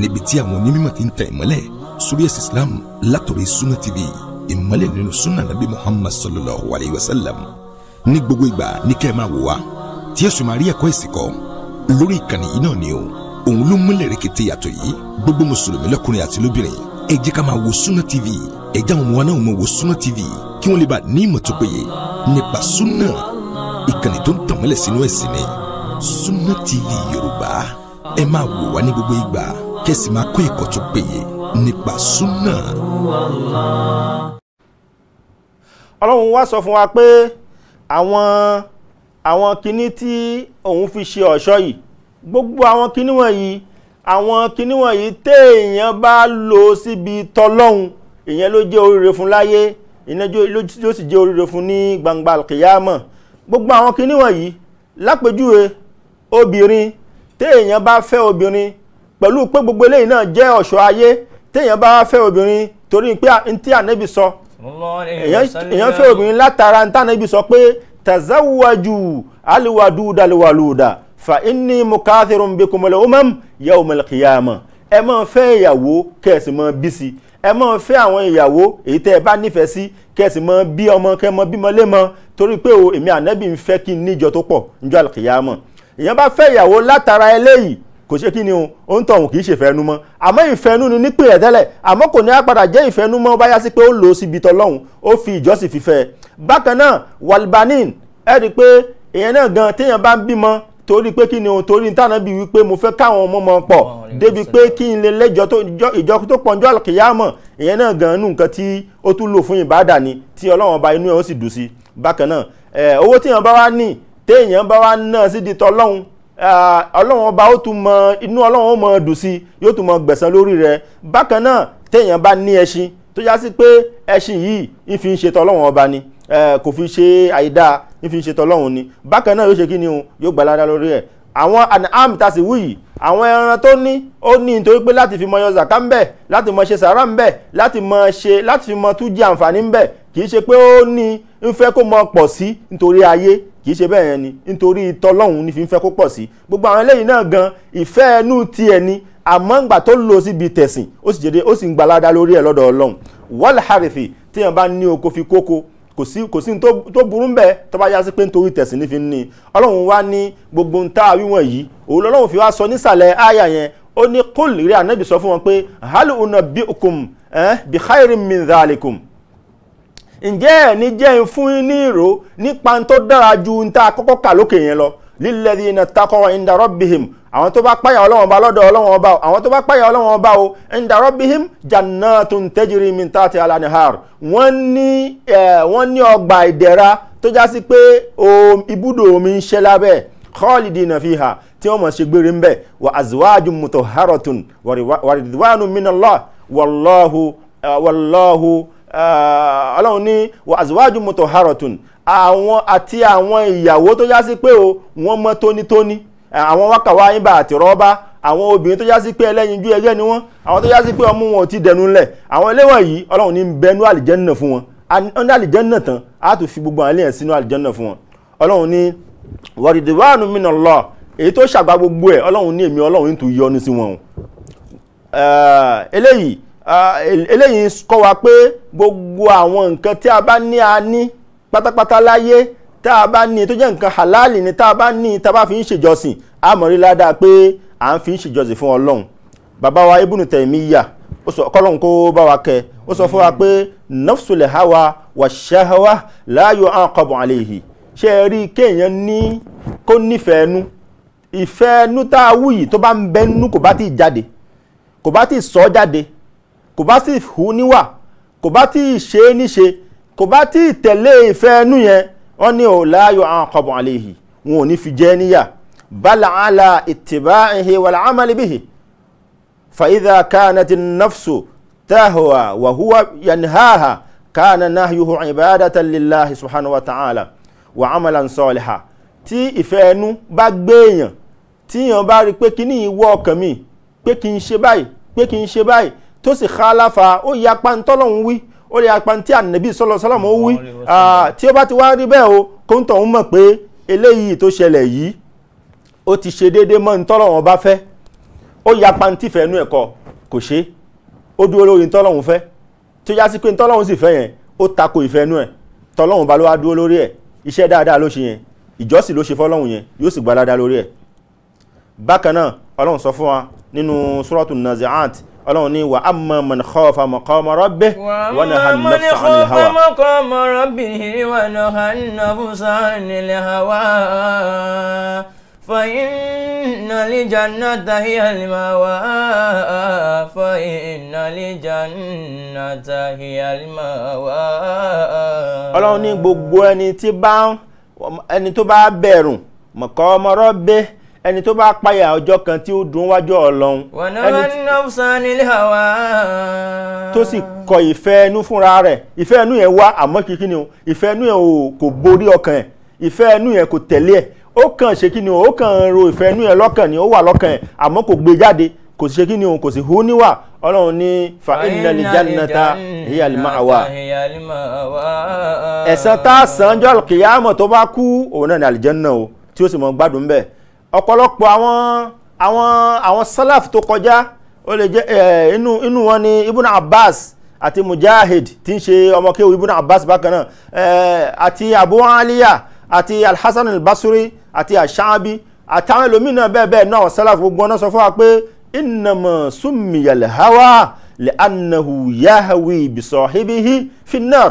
níbi tí àwọn onímọ̀ ti ń ta ìmọ́lẹ̀ sórí Islam látọ̀rí Sunna TV ìmọ́lẹ̀ nínú sunna nabi Muhammad sallallahu alayhi wa sallam ní gbogbo ìgbà ní kẹ́ ẹ máa wò wá tí ẹ sì máa rí ẹ̀kọ́ ẹ̀sìn kọ́ lórí ìkànnì yìí náà ni o òun ló múlẹ̀ rẹ̀kẹ̀tẹ̀ yàtọ̀ yìí gbogbo mùsùlùmí lọ́kùnrin Sunna TV ẹ jẹ́ àwọn ọmọ Sunna TV kí wọ́n lè bá ní sunna ìkànnì tó ń tàn mọ́lẹ̀ sínú ẹ̀sìn ni Sunna TV Yorùbá ẹ máa wò wá ní gbogbo ìgbà kẹ́sì máa kọ́ ẹ̀kọ́ tó péye nípa Sunna. Ọlọ́run wá sọ fún wa pé àwọn àwọn kinní tí òun fi ṣe ọ̀ṣọ́ yìí gbogbo àwọn kinní wọ̀nyí àwọn kinní wọ̀nyí téèyàn bá lò síbi tọlọ́hun ìyẹn ló jẹ́ oríire fún láyé ìyẹn ló sì jẹ́ oríire fún ní gbangba kìyàmọ̀ gbogbo àwọn kinní wọ̀nyí lápèjúwe obìnrin téèyàn bá fẹ́ obìnrin pẹ̀lú pé gbogbo eléyìí náà jẹ́ ọ̀ṣọ́ ayé téèyàn bá fẹ́ obìnrin torí pé ntí ànábì sọ èèyàn fẹ́ obìnrin látara ntí ànábì sọ pé tazawwaju aliwaduda aliwaluda fa inni mukathirun bikumul umam yawmal qiyamah ẹ máa fẹ́ ìyàwó kẹ̀sì máa bísí ẹ mọ fẹ́ àwọn ìyàwó èyí tẹ́ ẹ bá nífẹ̀ẹ́ sí kẹsì mọ bí ọmọ kẹ mọ bímọ lé mọ torí pé o èmi ànábì ń fẹ́ kí n níjọ tó pọ̀ níjọ àlùkìyàmọ èèyàn bá fẹ́ ìyàwó látara eléyìí kò ṣe kí ni o ó ń tọ̀hún kì í ṣe ìfẹ́nu mọ́ àmọ́ ìfẹ́nu ni nípìn rẹ̀ tẹ́lẹ̀ àmọ́ kò ní apàdà jẹ́ ìfẹ́nu mọ́ báyá sí pé ó lò ó síbi tọ́lọ́hún ó fi ìjọ́sìn fífẹ́ bákan náà walbanin ẹ rí i pé èèyàn náà gan téèyàn bá ń bímọ torí pé kí ni òun torí tànà bí wípé mo fẹ́ káwọn ọmọ mọ pọ̀ débi pé kí n lè lẹ́jọ́ tó ìjọ tó pọ̀njọ́ àlùkìyàmọ̀ ìyẹn náà gan-an nù nǹkan tí ó tún lò fún ìbáàdà ni tí ọlọ́run ọba inú ẹ̀ ó sì dùn sí bákan náà owó tíyàn bá wá ní téèyàn bá wá náà sí di tọ́lọ́run ọlọ́run ọba ó tún mọ inú ọlọ́run ó mọ dùn sí yóò tún mọ gbẹ̀san lórí rẹ̀ bákan náà téèyàn bá ní ẹṣin tó já sí pé ẹṣin yìí ìfi ń ṣe tọ́lọ́run ọba ni kò fi ṣe àìdáa ní fi ń ṣe tọlọ́hún ni bákan náà yóò ṣe kí ni o yóò gba ládá lórí ẹ̀ àwọn àmì tá a sì wú yìí àwọn ẹran tó ní ó ní nítorí pé láti fi mọ yọ zaka ń bẹ̀ láti mọ ṣe sàrà ń bẹ̀ láti mọ ṣe láti fi mọ tún jẹ àǹfààní ń kì í ṣe pé ó ní ń fẹ́ kó mọ pọ̀ sí nítorí ayé kì í ṣe bẹ́ẹ̀ yẹn ni nítorí tọlọ́hún ni fi ń fẹ́ kó pọ̀ sí gbogbo àwọn eléyìí náà gan ìfẹ́ ẹnu tiẹ̀ ni àmọ́ ńgbà tó lò síbi tẹ̀sìn ó sì jẹ́ ó sì ń gbalada lórí ẹ̀ lọ́dọ̀ ọlọ́run wal harithi téèyàn bá ní oko fi kóko kò sí kò sí tó burú ń bẹ tó bá yá sí pé nítorí tẹ̀sìn nífi ní ọlọ́run wá ní gbogbo ń tá wíwọ̀n yìí òun lọ́lọ́run fi wá sọ nísàlẹ̀ àyà yẹn ó ní kúl rí ànábì sọ fún wọn pé hal unabbi'ukum eh, bi khairin min dhalikum ǹjẹ́ ẹ̀ ní jẹ́ ń fún yín ní ìró nípa tó dára ju ń kọ́kọ́ kà lókè yẹn lọ lilladhina taqaw inda rabbihim àwọn tó bá páyà ọlọ́wọ́n ọba lọ́dọ̀ ọlọ́wọ́n ọba o àwọn tó bá páyà ọlọ́wọ́n ọba o inda rabbihim jannatun tajri min tahtiha al-anhar wọ́n ní wọ́n ní ọgbà ìdẹ̀ra tó já sí pé ibùdó omi ń ṣẹ́ lábẹ́ khalidina fiha tí wọ́n mọ̀ ṣe gbére ń bẹ̀ wa azwajun mutahharatun wa ridwanun minallah wallahu wallahu ọlọ́run ní wa azwajun mutahharatun àwọn àti àwọn ìyàwó tó já sí pé o wọ́n mọ́ tónítóní àwọn wákàwá ibà àti rọ́bà àwọn obìnrin tó já sí pé ẹlẹ́yinjú ẹgẹ́ ni wọ́n àwọn tó já sí pé ọmú wọn ò ti dẹnu ńlẹ̀ àwọn ilé wọ̀nyí ọlọ́run ní bẹnu àlìjẹ́nà fún wọn ọ̀nà àlìjẹ́nà tán á tún fi gbogbo àlẹ́ yẹn sínú àlìjẹ́nà fún wọn ọlọ́run ní wọ̀rìdìwánu minallah èyí tó ṣàgbá gbogbo ẹ̀ ọlọ́run ní èmi ọlọ́run tó ní sí wọn. eléyìí eléyìí kọ́ wa pé gbogbo àwọn nǹkan tí a bá ní a ní pátápátá láyé tá a bá ní tó jẹ́ nǹkan halali ni tá a bá ní tá a bá fi ń ṣèjọsìn a mọ̀ rí ládàá pé à ń fi ń ṣèjọsìn fún ọlọ́run bàbá wa Ibn Taymiyyah ó sọ kọ́lọ́n kó bá wa kẹ́ ó sọ fún wa pé nafsul hawa wa shahawa la yu'aqabu alayhi ṣe é rí kéèyàn ní kó nífẹ̀ẹ́ nu ìfẹ́ nu tá a wù yìí tó bá ń bẹ nu kò bá ti jáde kò bá ti sọ jáde kò bá ti hù níwà kò bá ti ṣe é níṣe kò bá ti tẹ̀lé ìfẹ́ nu yẹn wọ́n ní ò láàyò àwọn kọ̀bọ̀n àlehi wọn ò ní fi jẹ́ níyà bala ala ittiba'ihi wal amali bihi fa idha kanat an-nafsu tahwa wa huwa yanhaha kana nahyuhu ibadatan lillahi subhanahu wa ta'ala wa amalan saliha tí ìfẹ́ ẹnu bá gbéyàn tí yàn bá rí pé kíní ìwọ ọkàn mi pé kí n ṣe báyìí pé kí n ṣe báyìí tó sì khalafa ó yapa ntọ́lọ́hún wí ó lè apá tí ànàbí sọlọ sọlọmọ ó wí ah, tí ó bá ti wá rí bẹ́ẹ̀ o kóńtọ̀ ń mọ̀ pé eléyìí tó ṣẹlẹ̀ yìí ó ti ṣe déédéé mọ́ ntọ́lọ̀ wọn bá fẹ́ ó ya apá tí fẹ́ nú ẹ̀kọ́ kò ṣe ó dúró lórí ntọ́lọ̀ wọn fẹ́ tó yá sí pé ntọ́lọ̀ wọn sì fẹ́ yẹn ó tako ìfẹ́ nú ẹ̀ tọ́lọ̀ wọn bá ló wá dúró lórí ẹ̀ iṣẹ́ dáadáa ló ṣe yẹn ìjọ́sìn ló ṣe fọ́lọ́hún yẹn yóò sì gbalada lórí ẹ̀ bákan ọlọ́run ní wa amma man khafa maqama rabbih wa naha an-nafsa 'anil hawa. wa amma man khafa maqama rabbihi wa naha an ọlọ́run ní gbogbo ẹni tí bá ẹni tó bá bẹ̀rù maqama rabbih ẹni tó bá páyà ọjọ́ kan tí ó dùn wájú ọlọ́run tó sì kọ ìfẹ́ ẹnu fúnra rẹ̀ ìfẹ́ ẹnu yẹn wá àmọ́ kìkì ni o ìfẹ́ ẹnu yẹn kò borí ọkàn ẹ̀ ìfẹ́ ẹnu yẹn kò tẹ̀lé ẹ̀ ó kàn ṣe kí ni o ó kàn ro ìfẹ́ ẹnu yẹn lọ́kàn ni ó wà lọ́kàn ẹ̀ àmọ́ kò gbé jáde kò sì ṣe kí ni o kò sì hù níwà ọlọ́run ní fa inna li jannata hiya al-ma'wa ẹ̀san tá a san jọ́ kìyàmọ̀ tó bá kú òun náà ní àlìjẹ́ náà o tí ó sì mọ gbádùn bẹ́ẹ̀ ọ̀pọ̀lọpọ̀ àwọn àwọn àwọn salaf tó kọjá ó lè jẹ́ ẹ̀ inú inú wọn ni ibn abbas àti mujahid tí ń ṣe ọmọ kéwú ibn abbas bákan náà ẹ̀ àti abu aliya àti alhassan albasri àti ashabi àtàwọn ẹlòmíì náà bẹ́ẹ̀ bẹ́ẹ̀ náà salaf gbogbo wọn náà sọ fún wa pé innama summiya alhawa li'annahu yahwi bi sahibihi finnar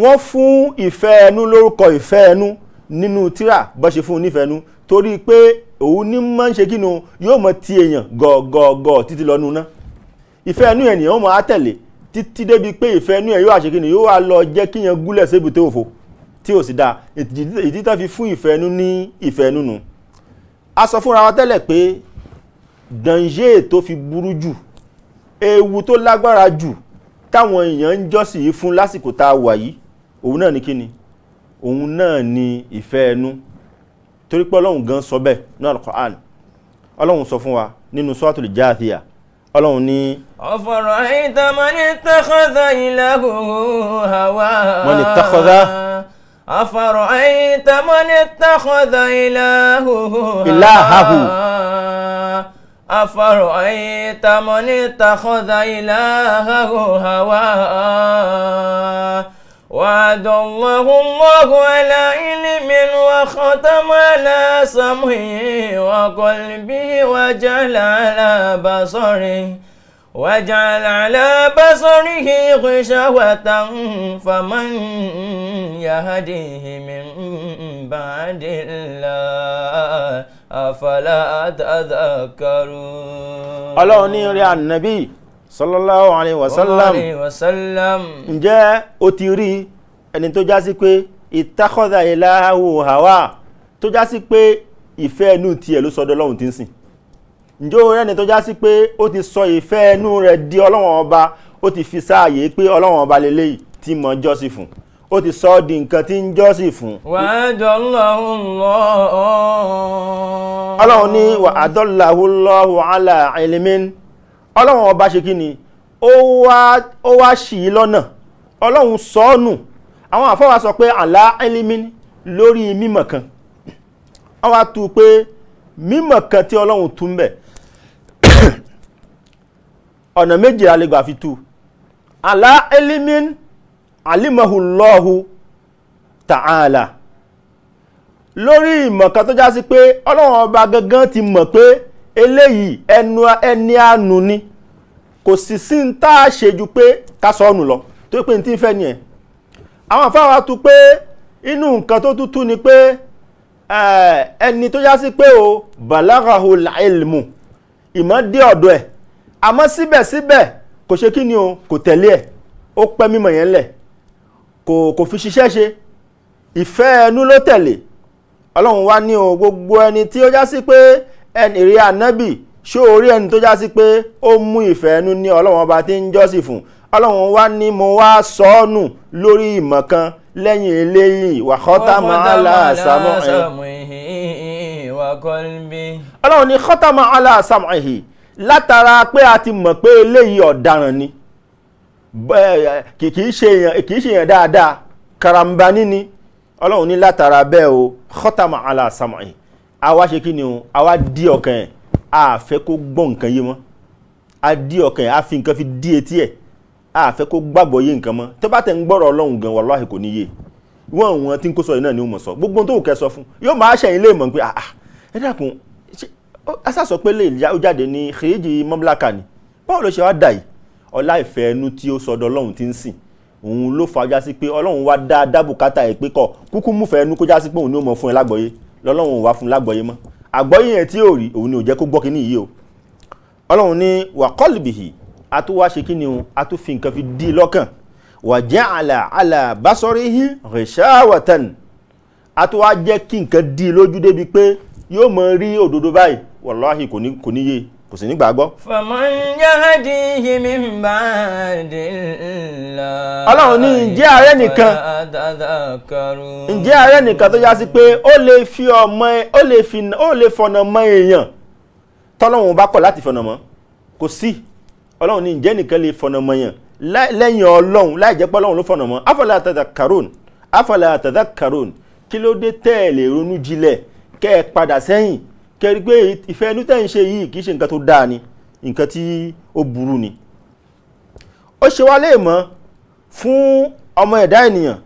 wọ́n fún ìfẹ́ ẹnu lórúkọ ìfẹ́ ẹnu nínú tíra bó ṣe fún nífẹ̀ẹ́ torí pé òun ní mọ́ ń ṣe kí nu yóò mọ ti èèyàn gọ̀ọ̀gọ̀ọ̀gọ̀ títí lọ́nu ná ìfẹ́ inú ẹ̀ nìyẹn wọ́n mọ àtẹ̀lé títí débi pé ìfẹ́ inú ẹ̀ yóò àṣekí ni yóò wá lọ jẹ́ kíyàn gúnlẹ̀ sébi tó òfo tí ò sì dáa ìdí tó fi fún ìfẹ́ inú ní ìfẹ́ inú nu a sọ fúnra wa tẹ́lẹ̀ pé danger tó fi burú jù ewu tó lágbára jù táwọn èèyàn ń jọ́sìn fún lásìkò tá a wà yìí òun náà ni òun náà ni ìfẹ́ inú torí pé ọlọ́run gan sọ bẹ́ẹ̀ ní al ọlọ́run sọ fún wa nínú Suratul Jathiyah ọlọ́run ní. ọ̀fọ̀rọ̀ ìta mani takhadha ilahu hawa. mani takhadha. ọ̀fọ̀rọ̀ ìta mani takhadha ilahu hawa. ilahahu. ọ̀fọ̀rọ̀ ìta mani takhadha ilahu hawa. وعد الله الله على علم وختم على سمعه وقلبه وجعل على بصره وجعل على بصره غشوة فمن يهديه من بعد الله أفلا تذكرون. ọlọ́run ní rí ànábì sallallahu alayhi wa sallam ǹjẹ́ o ti rí ẹni tó já sí pé ìtakọ̀dà ìlàhàwò hàwà tó já sí pé ìfẹ́ ẹnu tiẹ̀ ló sọdọ̀ ọlọ́run tí ń sìn ǹjẹ́ o rẹ́ni tó já sí pé ó ti sọ ìfẹ́ ẹnu rẹ̀ di ọlọ́run ọba ó ti fi sáàyè pé ọlọ́run ọba lélẹ́yìí tí mọ̀ jọ́sìn fún ó ti sọ di nǹkan tí ń jọ́sìn fún. wà á dọ́láhù lọ́hùn. ọlọ́run ní wà á dọ́láhù lọ́hùn alá ìlímín ọlọ́run ọba ṣe kí ni ó wá ṣì í lọ́nà ọlọ́run sọ ọ́ nù àwọn àfọwà sọ pé àlá ẹlímín lórí mímọ̀ kan wọ́n wá tu pé mímọ̀ kan tí ọlọ́run tú ń bẹ̀ ọ̀nà méjì alẹ́gbà fi tu àlá ẹlímín alimahullahu ta'ala lórí ìmọ̀ kan tó já sí pé ọlọ́run ọba gangan ti mọ̀ pé eléyìí ẹnu ẹni àánú ni kò sì sí ń tá a ṣe ju pé ká sọ ọ́nù lọ tó pé ní tí ń fẹ́ nìyẹn àwọn afáwa tu pé inú nǹkan tó tútù ni pé eh, ẹni tó já sí pé o balaghahu ilmu ìmọ̀ ọ̀dọ̀ ẹ̀ àmọ́ síbẹ̀síbẹ̀ kò ṣe kí ni o kò tẹ̀lé ẹ̀ ó pẹ́ mímọ̀ yẹn lẹ̀ kò fi ṣiṣẹ́ ṣe ìfẹ́ ẹnu ló tẹ̀lé ọlọ́run wá ní o gbogbo ẹni tí ó já sí pé ẹni rí ànábì ṣó orí ẹni tó já sí pé ó mú ìfẹ́ ẹnu ní ọlọ́run ọba tí ń jọ́sìn fún ọlọ́run wá ní mo wá sọ ọ́ nù lórí ìmọ̀ kan lẹ́yìn eléyìí wàhọ́tà màálà àsàmọ́ ẹ̀. ọlọ́run ní họ́tà màálà àsàmọ́ ẹ̀ látara pé a ti mọ̀ pé eléyìí ọ̀daràn ni kì ṣe èèyàn dáadáa karambani ni ọlọ́run ní látara bẹ́ẹ̀ o họ́tà màálà àsàmọ́ ẹ̀ a wá ṣe kí ni o a wá dí ọkàn ẹ̀ a fẹ́ kó gbọ́ nǹkan yé mọ́ a dí ọkàn ẹ̀ a fi nǹkan fi dí etí ẹ̀ a fẹ́ kó gbàgbọ́ yé nǹkan mọ́ tó bá tẹ̀ ń gbọ́rọ̀ ọlọ́run gan wàláhì kò ní yé wọ́n àwọn ń kó sọ yìí náà ni ó mọ̀ sọ gbogbo tó kẹ́ sọ fún yóò máa ṣẹ̀yìn lè mọ̀ pé ah ẹ dákun asásọ pé lè ó jáde ní xèéjì mọ́bíláka ni báwo ló ṣe wá dà yìí ọlá ìfẹ́ ẹnu tí ó sọdọ̀ ọlọ́run ti ń sìn òun ló fàájá sí pé ọlọ́run wá dá dábùkátà ẹ̀ pé kọ̀ kúkú múfẹ́ ẹnu kó já sí pé òun ni ó mọ̀ fún ẹ lágbọ́yé lọ́lọ́run wà fún lágbọ́yé mọ́ àgbọ́yé yẹn tí ò rí òun ni ò jẹ́ kó gbọ́ kíní yìí o ọlọ́run ní wà kọ́lùbìhì a tó wá ṣe kí ni o a tó fi nǹkan fi dí lọ́kàn wà jẹ́ àlà àlà basọ́rìhì rìṣáwàtàn a tó wá jẹ́ kí nǹkan dí lójú débi pé yóò mọ rí òdodo báyìí wàláhì kò ní yé kò sì ní gbàgbọ́. faman yahdihi min ba'dillah. ọlọ́run ní ǹjẹ́ ààrẹ nìkan ǹjẹ́ ààrẹ nìkan tó já sí pé ó lè fi ọmọ ó lè fi ó lè fọ̀nà mọ èèyàn tọ́lọ́run bá kọ̀ láti fọ̀nà mọ́ kò sí ọlọ́run ní ǹjẹ́ nìkan lè fọ̀nà mọ èèyàn lẹ́yìn ọlọ́run láì jẹ́ pé ọlọ́run ló fọ̀nà mọ́ afala tadhakkarun afala tadhakkarun kí ló dé tẹ́ẹ̀ lè ronú jinlẹ̀ kẹ́ ẹ padà sẹ́yìn kẹrí pé ìfẹ́ inú tẹ́ ń ṣe yìí kìí ṣe nǹkan tó dáa ni nǹkan tí ó burú ni ó ṣe wá léèmọ̀ fún ọmọ ẹ̀dá ènìyàn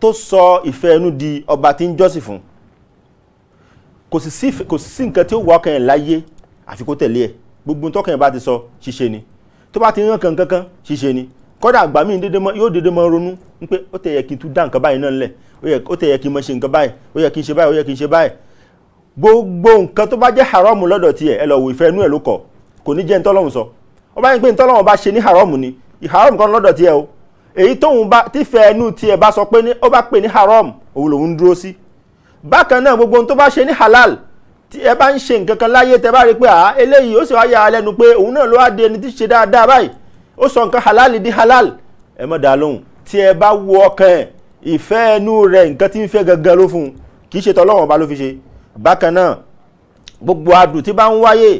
tó sọ ìfẹ́ inú di ọba tí ń jọ́sìn fún kò sì sí nǹkan tí ó wà ọkàn ẹ̀ láyé àfi kó tẹ̀lé ẹ̀ gbogbo tọ́kàn ẹ̀ bá ti sọ ṣíṣe ni tó bá ti rán kan kankan ṣíṣe ni kódà àgbà míì yóò dédé mọ ronú pé ó tẹ̀ kí n tún dá nǹkan báyìí náà lẹ̀ ó tẹ̀ kí n mọ ṣe nǹkan báyìí ó yẹ kí n ṣe báyìí ó yẹ kí n ṣe báyìí gbogbo nǹkan tó bá jẹ́ haram lọ́dọ̀ tiẹ̀ ẹ lọ wò ìfẹ́ inú ẹ̀ ló kọ̀ kò ní jẹ́ ntọ́lọ́hún sọ wọ́n bá yín pé ntọ́lọ́hún bá ṣe ní haram ni haram kan lọ́dọ̀ tiẹ̀ o èyí tóun bá tífẹ́ inú tiẹ̀ bá sọ pé ó bá pè ní haram òun lòun dúró sí bákan náà gbogbo ohun tó bá ṣe ní halal tí ẹ bá ń ṣe nǹkan kan láyé tẹ bá rí pé àá eléyìí ó sì wá yà á lẹ́nu pé òun náà ló wá di ẹni tí ṣe dáadáa báyìí ó sọ nǹkan halal di halal ẹ mọ̀ dá lóhùn tí ẹ bá wo ọkàn ẹ̀ ìfẹ́ inú rẹ̀ nǹkan tí ń fẹ́ gangan ló fún un kì í ṣe tọ́lọ́wọ̀n ọba ló fi ṣe bákan náà gbogbo adùn tí bá ń wáyé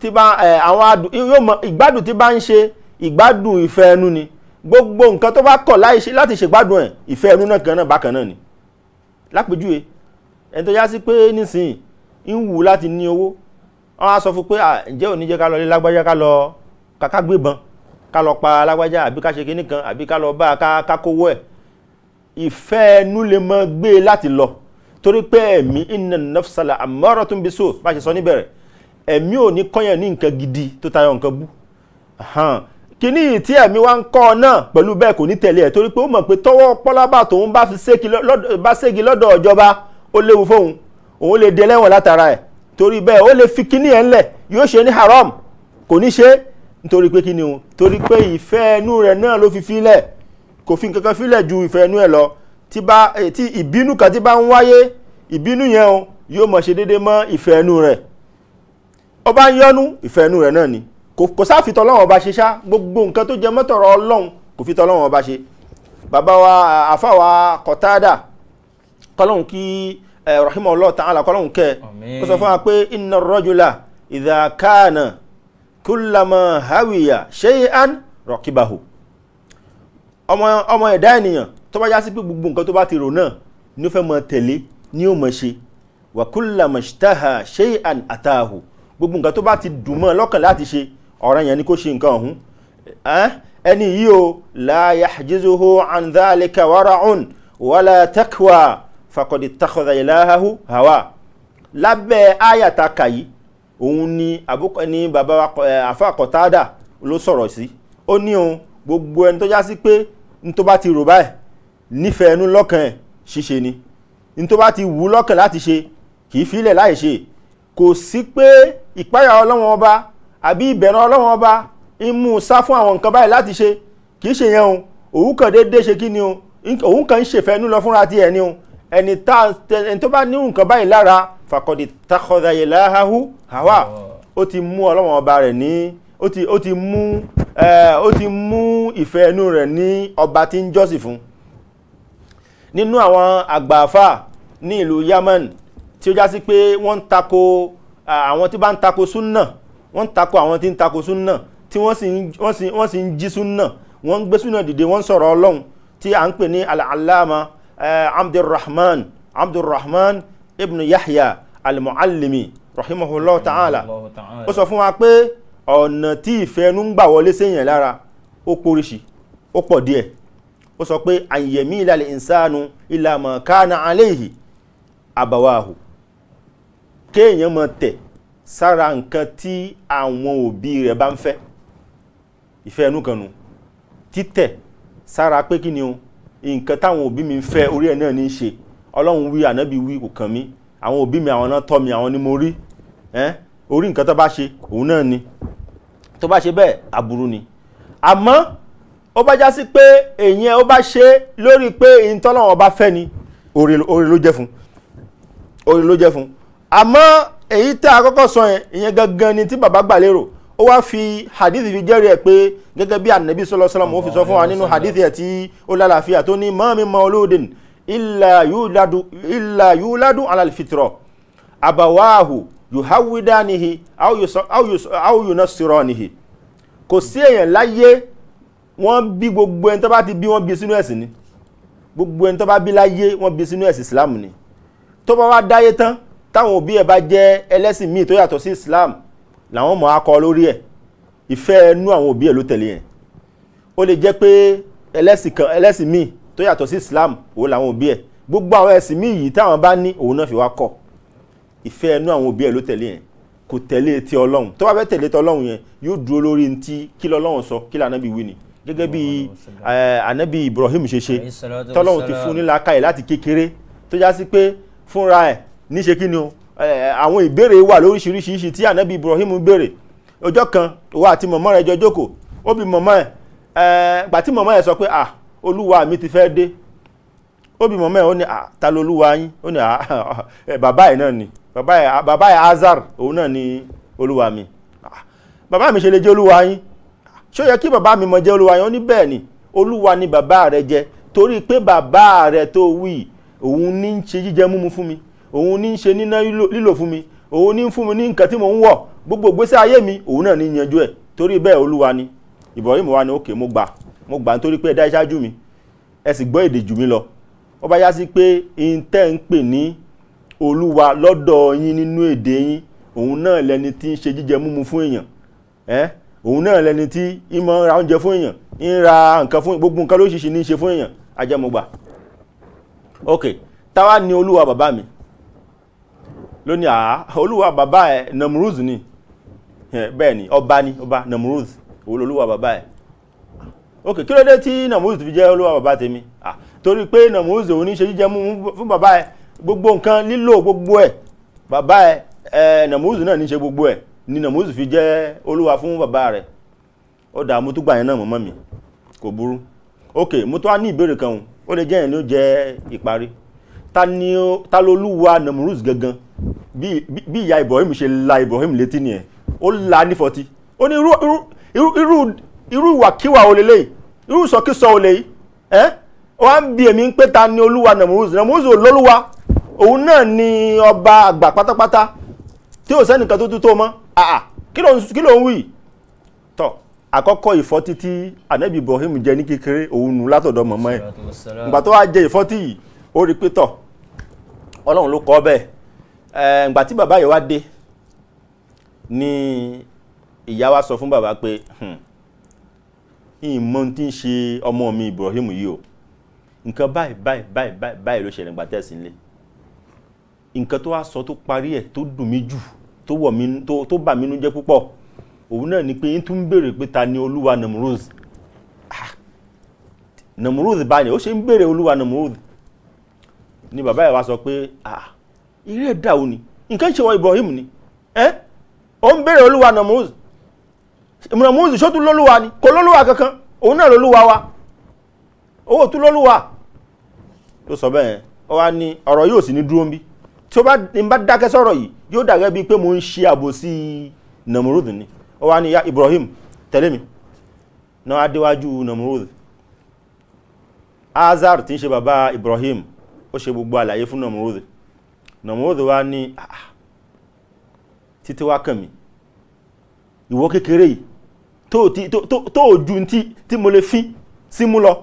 tí bá àwọn adùn yóò mọ ìgbádùn tí bá ń ṣe ìgbádùn ìfẹ́ ẹnu ni gbogbo nǹkan tó bá kọ̀ láti ṣègbádùn ẹ̀ ìfẹ́ ẹnu náà kan náà bákan náà ni lápèjúwe ẹni tó yá sí pé nísìnyí ń wù láti ní owó wọ́n á sọ fún pé ǹjẹ́ ò ní jẹ́ ká lọ lé lágbájá ká lọ ká gbébọn ká lọ pa lágbájá àbí ká ṣe kinní kan àbí ká lọ bá a ká kówó ẹ̀ ìfẹ́ ẹnu lè mọ gbé e láti lọ torí pé ẹ̀mí iná nafsala àmọ́rọ̀ tó ń bi so bá a ṣe sọ níbẹ̀rẹ̀ ẹ̀mí ò ní kọ́yàn ní nǹkan gidi tó tayọ nǹkan bú kíní yìí tí ẹ̀mí wa ń kọ́ ọ náà pẹ̀lú bẹ́ẹ̀ kò ní tẹ̀lé ẹ̀ torí pé ó mọ̀ pé tọwọ́ pọ́lábà tòun bá ségi lọ́dọ̀ ìjọba ó léwu fóun òun lè di ẹlẹ́wọ̀n látara ẹ̀ torí bẹ́ẹ̀ ó lè fi kíní ẹ̀ ńlẹ̀ yóò ṣe ní haram kò ní ṣe nítorí pé kíni o torí pé ìfẹ́ ẹnu rẹ̀ náà ló fi filẹ̀ kò fi nǹkan kan filẹ̀ ju ìfẹ́ ẹnu ẹ̀ lọ tí bá eh, tí ìbínú kan tí bá ń wáyé ìbínú yẹn o yóò mọ̀ ṣe déédéé mọ́ ìfẹ́ ẹnu rẹ̀ ó bá ń yọnu ìfẹ́ ẹnu rẹ̀ náà ni kò sáfitọ́ ọlọ́run ọba ṣe ṣá gbogbo nǹkan tó jẹ mọ́tọ̀rọ̀ ọlọ́run kò fitọ́ ọlọ́run ọba ṣe bàbá wa àfàwà kọ̀tádà kọ́lọ́hún kí eh, rahim Allah ta'ala kọ́lọ́hún kẹ́ ó sọ fún wa pé inna rajula idha kana kullama hawiya shay'an rakibahu ọmọ ẹ̀dá ènìyàn tó bá já sí pé gbogbo nǹkan tó bá ti rò náà ni ó fẹ́ mọ tẹ̀lé ni ó mọ ṣe wa kullama ishtaha shay'an ataahu gbogbo nǹkan tó bá ti dùn mọ́ lọ́kàn láti ṣe ọ̀ranyàn ni kó ṣe nǹkan ọ̀hún ẹni yìí o la yahjizuhu an dhalika wara'un wala takwa faqad ittakhadha ilahahu hawa lábẹ́ àyàtà kàyí òun ni àbúkọ ni bàbá àfa ló sọ̀rọ̀ sí ó ní òun gbogbo ẹni tó já sí pé ní tó bá ti rò báyìí nífẹ̀ẹ́ ẹnu lọ́kàn ẹ̀ ṣíṣe ni ní tó bá ti wù ú lọ́kàn láti ṣe kì í filẹ̀ láì ṣe kò sí pé ìpáyà ọlọ́wọ́n ọba àbí ìbẹ̀rẹ̀ ọlọ́wọ́n ọba ń mú un sá fún àwọn nǹkan báyìí láti ṣe kì í ṣe yẹn o òun kàn déédéé ṣe kí ni o òun kàn ń ṣèfẹ́nu lọ fúnra ti ẹ̀ ni o ẹni tó bá ní nǹkan báyìí lára fàkọ̀dì takọ̀dà yìí láhàhù ó ti mú ọlọ́wọ́n ọba rẹ̀ ní ó ti mú ìfẹ́ ẹnu rẹ̀ ní ọba tí ń jọ́sìn fún un nínú àwọn àgbààfà ní ìlú Yemen tí ó já sí pé wọ́n ń tako àwọn tí bá ń tako súnà wọ́n ń tako àwọn tí ń tako súnà tí wọ́n sì ń jí súnà wọ́n ń gbé súnà dìde wọ́n ń sọ̀rọ̀ ọlọ́run tí à ń pè ní al-allama abdulrahman abdulrahman ibn yahya al rahimahullah ta'ala ó sọ fún wa pé ọ̀nà tí ìfẹ́ ẹnu ń gbà wọlé séèyàn lára ó pọ̀ díẹ̀ ó sọ pé àyẹ̀mí ìlàlẹ̀ ìsánu ìlàmọ̀ káàna aléhì àbáwáhù kéèyàn mọ̀ tẹ̀ sára nǹkan tí àwọn òbí rẹ̀ bá ń fẹ́ ìfẹ́ ẹnu kan nu títẹ̀ sára pé kí ni o nǹkan táwọn òbí mi ń fẹ́ orí ẹ̀ náà ní ṣe ọlọ́run wí ànábì wí kò kàn mí àwọn òbí mi àwọn náà tọ́ mi àwọn ni mo rí orí nǹkan tó bá ṣe òun náà ni tó bá ṣe bẹ́ẹ̀ aburú ni àmọ́ ó bá já sí pé èyí ẹ ó bá ṣe lórí pé ìtọ́lọ́wọ́n bá fẹ́ ni oore ló jẹ́ fún oore ló jẹ́ fún àmọ́ èyí tá a kọ́kọ́ sọ yẹn ìyẹn gangan ni tí bàbá gbà lérò ó wá fi hadith fi jẹ́rìí ẹ̀ pé gẹ́gẹ́ bí anabi sọlọ sọlọ mo fi sọ fún wa nínú hadith ẹ̀ tí ó lálàáfíà tó ní mọ́ mi mọ́ olóòdìn ìlà yúládù alàlfitrọ̀ àbàwáhù yuhawidanihi aw yunasiranihi kò sí èèyàn láyé wọ́n bí gbogbo ẹni tó bá ti bí wọ́n bí e sínú ẹ̀sìn ni gbogbo ẹni tó bá bí láyé wọ́n bí e sínú ẹ̀sìn islam ni tó bá wá dáyé tán táwọn òbí ẹ̀ bá jẹ́ ẹlẹ́sìn míì tó yàtọ̀ sí islam làwọn mọ̀ á kọ lórí ẹ̀ ìfẹ́ ẹnu àwọn òbí ẹ̀ ló tẹ̀lé yẹn ó lè jẹ́ pé ẹlẹ́sìn kan ẹlẹ́sìn míì tó yàtọ̀ sí islam òun làwọn òbí ẹ̀ gbogbo àwọn ẹ̀sìn míì yìí táwọn bá ní òun náà fi wá kọ́ ìfẹ́ ẹnu àwọn òbí ẹ̀ ló tẹ̀lé yẹn kò tẹ̀lé ti ọlọ́run tó bá fẹ́ tẹ̀lé ti ọlọ́run yẹn yóò dúró lórí ti kí lọ́lọ́run sọ kí lànà bí wí ni gẹ́gẹ́ bí anabi ibrahim ṣe ṣe tọ́lọ́hún ti fún nílá káyè láti kékeré tó já sí pé fúnra ẹ̀ níṣe kí ni o àwọn ìbéèrè wà lóríṣiríṣi tí anabi ibrahim béèrè ọjọ́ kan òun àti mọ̀mọ́ rẹ̀ jọ jókòó ó bi mọ̀mọ́ ẹ̀ gbà tí mọ̀mọ́ ẹ̀ sọ pé ah olúwa mi ti fẹ́ dé ó bi mọ̀mọ́ ẹ̀ ó ní ta lolúwa yín ó ní bàbá ẹ̀ náà ni bàbá ẹ̀ azar òun náà ni olúwa mi bàbá mi ṣe lè jẹ́ olúwa yín ṣé ó yẹ kí bàbá mi mọ̀ jẹ́ olúwa yẹn ó ní bẹ́ẹ̀ ni olúwa ni bàbá rẹ jẹ́ torí pé bàbá rẹ tó wí òun ní ń ṣe jíjẹ múmu fún mi òun ní ń ṣe níná lílò fún mi òun ní ń fún mi ní nǹkan tí mò ń wọ̀ gbogbo ìgbésẹ̀ ayé mi òun náà ní yanjú ẹ̀ torí bẹ́ẹ̀ olúwa ni Ibrahim wa ni ókè mo gbà mo gbà nítorí pé ẹ dá iṣáájú mi ẹ sì gbọ́ èdè jù mí lọ ó bá yá sí pé ihun tẹ́ ń pè ní olúwa lọ́dọ̀ yín nínú èdè yín òun náà lẹni tí ń ṣe jíjẹ múmu fún èèyàn ẹ́ eh? òun náà lẹni tí ń mọ ra oúnjẹ fún èèyàn ń ra nǹkan fún gbogbo nǹkan lóṣìṣì ní í ṣe fún èèyàn ajẹmọgbà ok táwa ni olúwa bàbá mi lónìí àá olúwa bàbá ẹ namruz ni bẹ́ẹ̀ ni ọba ni ọba namruz òun olúwa bàbá ẹ ok kí ló dé tí namruz fi jẹ́ olúwa bàbá tèmi ah torí pé namruz òun ní ṣe jíjẹ mú fún bàbá ẹ gbogbo nǹkan lílò gbogbo ẹ bàbá ẹ ẹ náà ní ṣe gbogbo ẹ ni nàmúsù fi jẹ́ olúwa fún bàbá rẹ̀ ó dà mo tún gbà yẹn náà mọ́ mọ́mì kò burú ok mo tún wá ní ìbéèrè kan ó lè jẹ́ yẹn ló jẹ́ ìparí ta ni ta lolúwa nàmúsù gangan bí ìyá Ibrahim ṣe la Ibrahim létí nìyẹn ó la ní fọtí ó ní irú ìwàkíwà olè lẹ́yìn irú ìsọkísọ olè yìí ẹ́ wọ́n ń bi èmi pé ta ni olúwa nàmúrúzù nàmúrúzù olólúwa òun náà ni ọba àgbà pátápátá tí ò sẹ́nìkan tó tú mọ́ àà ah, ah, kí ló ń wí tọ́ àkọ́kọ́ ìfọ́ títí ànábì Ibrahim jẹ ní kékeré òun nù látọ̀dọ̀ mọ̀mọ́ ẹ̀ ìgbà tó wá jẹ ìfọ́ tí yìí ó rí pé tọ̀ Ọlọ́run ló kọ́ bẹ́ẹ̀ ìgbà tí bàbá yìí wá dé ni ìyá wa sọ fún bàbá pé ìmọ̀ hmm, tí ń ṣe ọmọ mi Ibrahim yìí o nǹkan báyìí báyìí báyìí báyìí ló ṣẹlẹ̀ ìgbà tẹ̀sí nílé nǹkan tó wá sọ tó parí ẹ̀ tó dùn mí jù tó wọ̀ mí tó tó bà mí nú jẹ́ púpọ̀ òun náà ni pé n tún béèrè pé ta ni olúwa namrud ah, namrud báyìí ó ṣe ń béèrè olúwa namrud ni bàbá ẹ̀ wá sọ pé ah eré ẹ̀dá ò ní nǹkan ṣe wọ ibrahim ni ẹ́ ó ń béèrè olúwa namrud namrud ṣó tún lólúwa ni kò lólúwa kankan òun náà lólúwa wa owó tún lólúwa ló sọ bẹ́ẹ̀ ọ wá ní ọ̀rọ̀ yóò sì ní dúró ń bí tí ó bá ń bá dákẹ́ sọ̀rọ̀ yìí yóò dàgẹ́ bíi pé mo ń ṣe àbòsí namurud ni ó wá ní ya Ibrahim tẹ̀lé mi náà adéwájú namurud Azar tí ń ṣe bàbá Ibrahim ó ṣe gbogbo àlàyé fún namurud namurud wá ní ah, ah, títí wá kàn mí ìwọ kékeré yìí tó ò ju tí mo lè fín sí mú lọ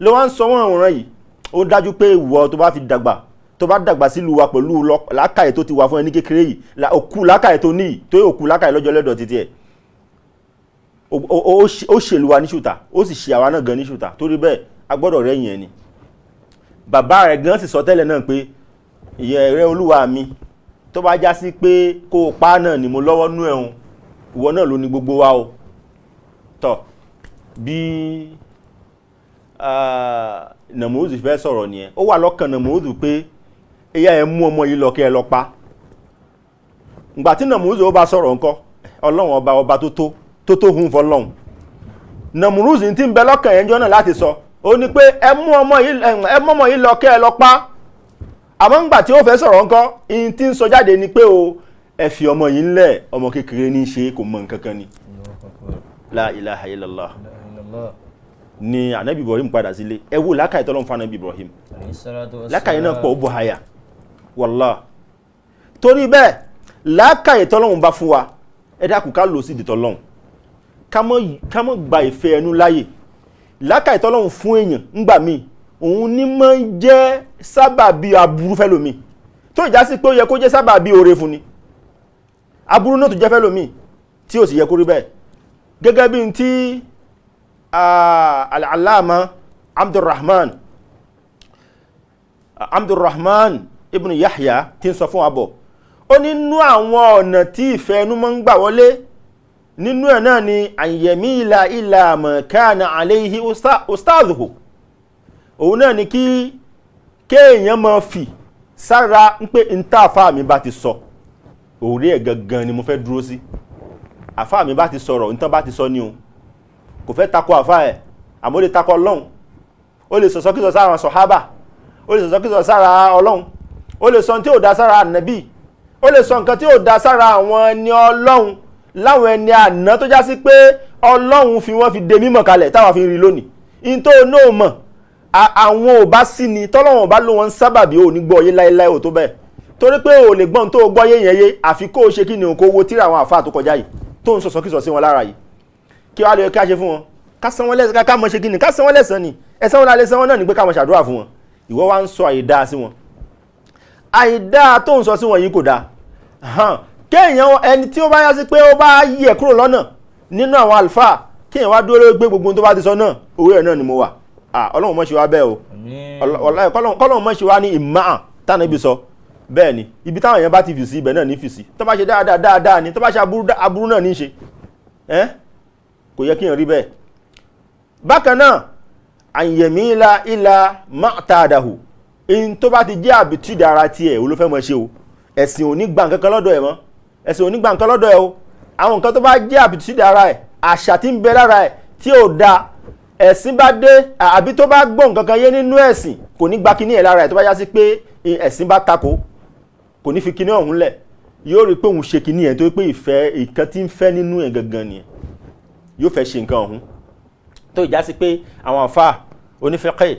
ló wá ń sọ wọ́n àwòrán yìí ó dájú pé ìwọ tó bá fi dàgbà tó bá dàgbà sílùú wa pẹ̀lú làákàyè tó ti wà fún ẹ ní kékeré yìí òkú làákàyè tó níyì tó yẹ òkú làákàyè lọ́jọ́ lẹ́dọ̀ títí ẹ̀ ó ṣèlú wa ní ṣùtà ó sì ṣe àwa náà gan ní ṣùtà torí bẹ́ẹ̀ a gbọ́dọ̀ rẹ́yìn ẹ̀ ni bàbá rẹ̀ gan sì sọ tẹ́lẹ̀ náà pé ìyẹn rẹ olúwa mi tó bá já sí pé kó o pa náà ni mo lọ́wọ́ nú ẹ̀hún ìwọ náà ló ní gbogbo wa o tọ́ bí ah, nàmúrúdù fẹ́ sọ̀rọ̀ nìyẹn ó wà lọ́kàn nàmúrúdù pé ìyá ẹ̀ mú ọmọ yìí lọ kí ẹ lọ pa ìgbà tí nàmúrúzù ó bá sọ̀rọ̀ ńkọ́ ọlọ́run ọba ọba tó tó tó tó hun fọlọ́run nàmúrúzù ti ń bẹ lọ́kàn ẹ̀ ń jọ́ náà láti sọ ó ní pé ẹ mú ọmọ yìí ẹ mú ọmọ yìí lọ kí ẹ lọ pa àmọ́ ńgbà tí ó fẹ́ sọ̀rọ̀ ńkọ́ ihun tí ń sọ jáde ni pé o ẹ fi ọmọ yìí ńlẹ̀ ọmọ kékeré ní í ṣe kò mọ nǹkan ni la ilaha illallah ni anabi ibrahim padà sílé ẹ wo làákàyè tọ́lọ́run fún anabi ibrahim làákàyè náà pọ̀ ó bọ̀ háyà wàlá torí bẹ́ẹ̀ làákàyè tọ́lọ́hún bá fún wa ẹ dákun ká lò sí ìdìtọ̀ lọ́hún ká mọ̀ gba ìfẹ́ ẹnu láàyè làákàyè tọ́lọ́hún fún èèyàn ńgbà míì òun ní mọ́ jẹ́ sábàbí aburú fẹ́lòmíì tó ìjà sí pé ó yẹ kó jẹ́ sábàbí oore fún ni aburú náà tó jẹ́ fẹ́lòmíì tí ò sì yẹ kó rí bẹ́ẹ̀ gẹ́gẹ́ bí n tí Abdulrahman Abdulrahman ibn Yahya ti ń sọ fún wa bọ̀ ó ní nínú àwọn ọ̀nà tí ìfẹ́ ẹnu máa ń gbà wọlé nínú ẹ̀ náà ni àyẹ̀mí ìlà ìlà mọ̀kánà àléhì ustaazuhu òun náà ni kí kéèyàn máa fì sára ń pé níta àfáà mi bá ti sọ òun ẹ̀ gangan ni mo fẹ́ dúró sí àfáà mi bá ti sọ̀rọ̀ nítan bá ti sọ ni o kò fẹ́ takò àfáà ẹ̀ àmọ́ ó lè takò ọlọ́run ó lè sọ̀sọ́kísọ sára sọ̀hábà ó lè sọ̀sọ́kísọ sára ọlọ́run o lè sọ tí ò da sára ànábì o lè sọ nǹkan tí ò da sára àwọn ẹni ọlọ́run láwọn ẹni àná tó já sí pé ọlọ́run fi wọ́n fi de mímọ̀ kalẹ̀ táwa fi rí lónìí in tó náà mọ̀ àwọn ò bá sí ni tọ́lọ́wọ̀n bá ló wọn sábàbí ò ní gbọ́ yé láéláé ò tó bẹ́ẹ̀ torí pé ò lè gbọ́n tó gbọ́ yé yẹn yé àfi kó o ṣe kí ni òun kó wo tíra àwọn àfa tó kọjá yìí tó ń sọ̀sọ́ kí sọ̀ sí wọn lára yìí kí wàá lè ká ṣe fún wọn ká san wọn lẹ́sàn ká mọ̀ ṣe kí ni san wọn lẹ́sàn ni ẹ̀sán wọn lálẹ́ san wọn náà ni pé ká mọ̀ ṣàdúrà fún wọn ìwọ wá ń sọ àyè dáa sí àìdá tó ń sọ sí wọ̀nyí kò dáa kéèyàn ẹni tí ó bá yá sí pé ó bá yí ẹ̀ kúrò lọ́nà nínú àwọn àlùfáà kéèyàn wá dúró gbé gbogbo tó bá ti sọ náà òwe ẹ̀ náà ni mo wà ọlọ́run mọ̀ ṣe wá bẹ́ẹ̀ o kọ́lọ́run mọ̀ ṣe wá ní ìmáà tánà ibi sọ bẹ́ẹ̀ ni ibi táwọn èèyàn bá ti fì sí ibẹ̀ náà ní fì sí tó bá ṣe dáadáa dáadáa ni tó bá ṣe aburú náà ní ṣe kò yẹ kéèyàn rí bẹ́ẹ̀ bákan náà àyẹ̀mí ilá ilá máa tá a dàhù n tó bá ti jẹ́ àbítúdì ara tiẹ̀ ò ló fẹ́ mọ ṣe o ẹ̀sìn ò ní gbà nǹkan kan lọ́dọ̀ ẹ̀ mọ́ ẹ̀sìn ò ní gbà nǹkan lọ́dọ̀ ẹ̀ o àwọn nǹkan tó bá jẹ́ àbítúdì ara ẹ̀ àṣà tí ń bẹ lára ẹ̀ tí ò da ẹ̀sìn bá dé àbí tó bá gbọ́ nǹkan kan yé nínú ẹ̀sìn kò ní gba kinní ẹ̀ lára ẹ̀ tó bá yá sí pé ẹ̀sìn bá tako kò ní fi kinní ọ̀hún lẹ̀ yóò rí pé òun ṣe kinní ẹ̀ tó pé ìfẹ́ nǹkan tí ń fẹ́ nínú ẹ̀ gangan nìyẹn yóò fẹ́ ṣe nǹkan ọ̀hún tó ìjásí pé àwọn àfa onífẹ́kẹ́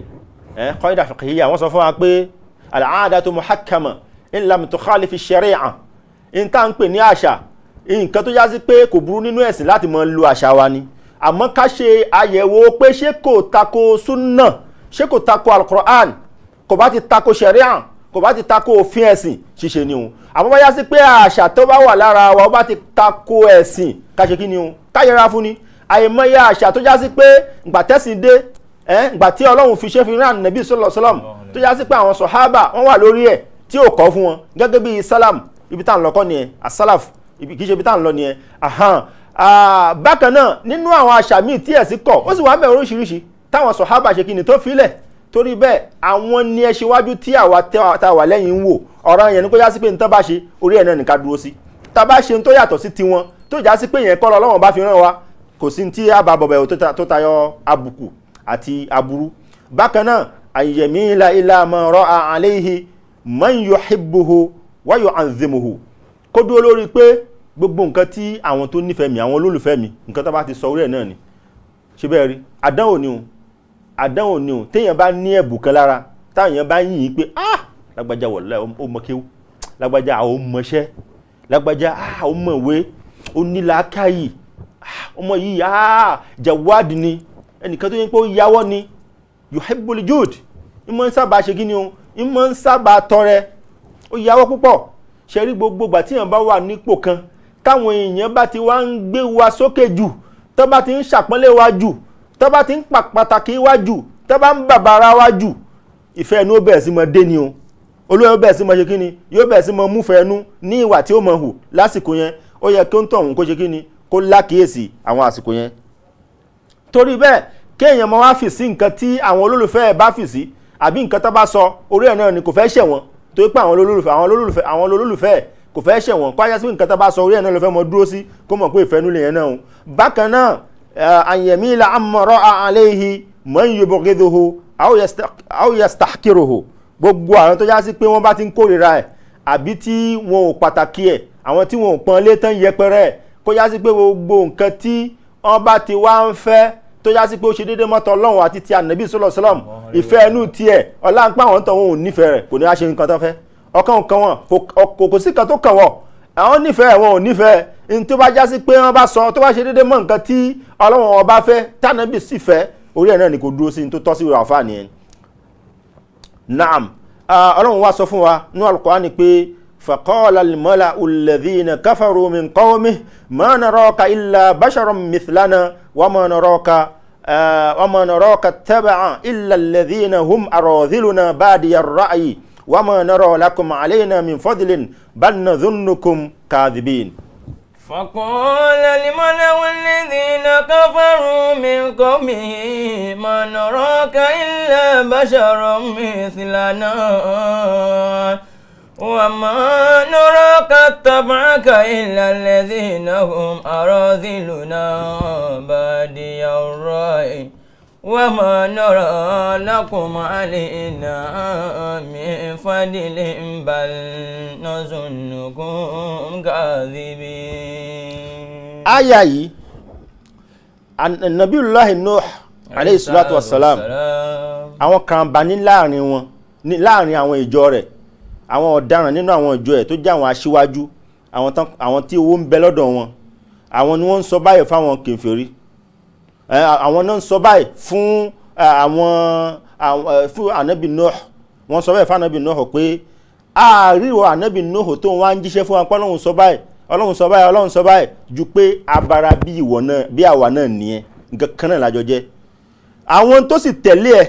kọ́ídà eh, fìkìyà wọ́n sọ fún wa pé al-aadatu muhakkama in lam tukhalifi shari'a in tá ń pè ní àṣà nǹkan tó yásí pé kò burú nínú ẹ̀sìn láti mọ lu àṣà wa ni àmọ́ ká ṣe àyẹ̀wò pé ṣé kò tako sunna ṣé kò tako al-Qur'an kò bá ti tako shari'a kò bá ti tako òfin ẹ̀sìn ṣíṣe ni o àmọ́ bá yá pé àṣà tó bá wà lára wa ó bá ti tako ẹ̀sìn ká ṣe kí ni o ká fún ni àìmọye àṣà tó já pé ìgbà dé ẹ eh, gbà tí ọlọ́run fi ṣe fi rán nàbí sọlọ sọlọm tó yá sí pé àwọn sọ̀hábà wọ́n wà lórí ẹ̀ tí ò kọ́ fún wọn gẹ́gẹ́ bí sálàm ibi tá à ń lọ kọ́ nìyẹn asálàf kì í ṣe ibi tá à ń lọ nìyẹn ahan bákan náà nínú àwọn àṣà míì tí ẹ̀ sí kọ̀ ó sì wà bẹ́ẹ̀ oríṣiríṣi táwọn sọ̀hábà ṣe kíni tó filẹ̀ torí bẹ́ẹ̀ àwọn ni ẹ ṣíwájú tí àwa tá wà lẹ́yìn ń wò ọ̀rọ̀ yẹn ni kó yá sí pé nǹkan bá ṣe orí ẹ̀ náà nìkan dúró sí tá a bá ṣe tó yàtọ̀ sí tiwọn tó já sí pé yẹn kọ́ lọ́wọ́n bá fi ràn wá kò sí ti àbàbọ̀bẹ̀ tó tayọ àbùkù àti aburú bákan náà àyẹ̀míla ilá man ra'a alayhi man yuhibbuhu wa yu'azzimuhu kó dúró lórí pé gbogbo nǹkan tí àwọn tó nífẹ̀ẹ́ mi àwọn olólùfẹ́ mi nǹkan tó bá ti sọ orí ẹ̀ náà ni ṣe bẹ́ẹ̀ rí àdánwò ni o àdánwò ni o téèyàn bá ní ẹ̀bùn kan lára táwọn bá yìn yín pé ah lágbájá wọ̀lá ó mọ kéwú lágbájá ó mọṣẹ́ lágbájá ah ó mọ̀wé ó ní làákàyè ah, ọmọ yìí ah jàwádìí ni ẹnìkan tó yẹ pé ó yáwọ́ ni yuhibbul jud ń mọ́ ń sábà ṣe kí o ń mọ́ ń sábà tọrẹ ó yáwọ́ púpọ̀ ṣe rí gbogbo ìgbà tíyàn bá wà nípò kan táwọn èèyàn bá ti wá ń gbé wa sókè jù tó bá ti ń ṣàpọ́nlé wa jù tó bá ti ń pàtàkì wa jù tó bá ń bàbàrà wa jù ìfẹ́ ẹnu ó bẹ̀rẹ̀ sí mọ dé ni o olóyè ó bẹ̀rẹ̀ sí mọ ṣe kí ni yóò bẹ̀rẹ̀ sí mọ múfẹ́ ẹnu ní ìwà tí ó mọ hù lásìkò yẹn ó yẹ kí ó ń tọ̀hún kó ṣe kí kó lákìíyèsí àwọn àsìkò yẹn torí bẹ́ẹ̀ kéèyàn máa wá fì sí nǹkan tí àwọn olólùfẹ́ ẹ̀ bá fì sí àbí nǹkan tó bá sọ orí ẹ̀ náà ni kò fẹ́ ṣẹ̀ wọ́n torí pé àwọn olólùfẹ́ àwọn olólùfẹ́ àwọn olólùfẹ́ ẹ̀ kò fẹ́ ṣẹ̀ wọ́n kọ́yá sí nǹkan tó bá sọ orí ẹ̀ náà ló fẹ́ mọ dúró sí kó mọ̀ pé ìfẹ́nu lè yẹn náà bákan náà àyẹ̀mílà amọ̀rọ̀ àléhi mọ̀ ń yọbọ̀ gẹ́dọ̀ho àwòyẹ̀sítàkìròhò gbogbo àwọn tó já sí pé wọ́n bá ti ń kórìíra ẹ̀ àbí tí wọn ò pàtàkì ẹ̀ àwọn tí wọn ò pọn lé yẹpẹrẹ ẹ̀ kó já sí pé gbogbo nǹkan tí ọba ti wá ń fẹ́ tó yá sí pé ó ṣe déédéé mọ́tò ọlọ́run àti ti ànábì sọlọ sọlọm ìfẹ́ inú tiẹ̀ ọ̀la ń pa àwọn tó wọn ò nífẹ̀ẹ́ rẹ̀ kò ní á ṣe nǹkan tó fẹ́ ọkàn kan wọn kò sí kan tó kàn wọ́n àwọn nífẹ̀ẹ́ wọn ò nífẹ̀ẹ́ ní tó bá já sí pé wọ́n bá sọ tó bá ṣe déédéé mọ́ nǹkan tí ọlọ́run ọba fẹ́ tànábì sì fẹ́ orí ẹ̀ náà ni kò dúró sí ní tó tọ́ sí ìwà àfáà nìyẹn. naam ah, ọlọ́run wá sọ fún wa nínú Al-Qur'ani pé فقال الملأ الذين كفروا من قومه ما نراك إلا بشرا مثلنا وما نراك آه وما نراك اتبع إلا الذين هم أراذلنا بادي الرأي وما نرى لكم علينا من فضل بل نظنكم كاذبين فقال الملأ الذين كفروا من قومه ما نراك إلا بشرا مثلنا وما نراك تبعك إلا الذين هم أراذلنا بادي الرأي وما نرى لكم علينا من فضل بل نظنكم كاذبين آية yìí Nabiyullahi Nuh alayhi salatu wassalam àwọn kan bá ní láàrin wọn ní láàrin àwọn ìjọ rẹ̀ àwọn ọ̀daràn nínú àwọn ìjọ ẹ̀ tó jẹ́ àwọn aṣíwájú àwọn tí owó ń bẹ lọ́dọ̀ wọn àwọn ni wọ́n ń sọ báyìí fáwọn kèfèrí àwọn náà ń sọ báyìí fún àwọn fún ànábì Nuh wọ́n sọ báyìí fún ànábì Nuh pé àárírò ànábì Nuh tó ń wá ń jíṣẹ́ fún wa pé ọlọ́run sọ báyìí ọlọ́run sọ báyìí ọlọ́run sọ báyìí ju pé abara bí ìwọ náà bí àwa náà nìyẹn nǹkan kan náà lájọ jẹ́ àwọn tó sì tẹ̀lé ẹ̀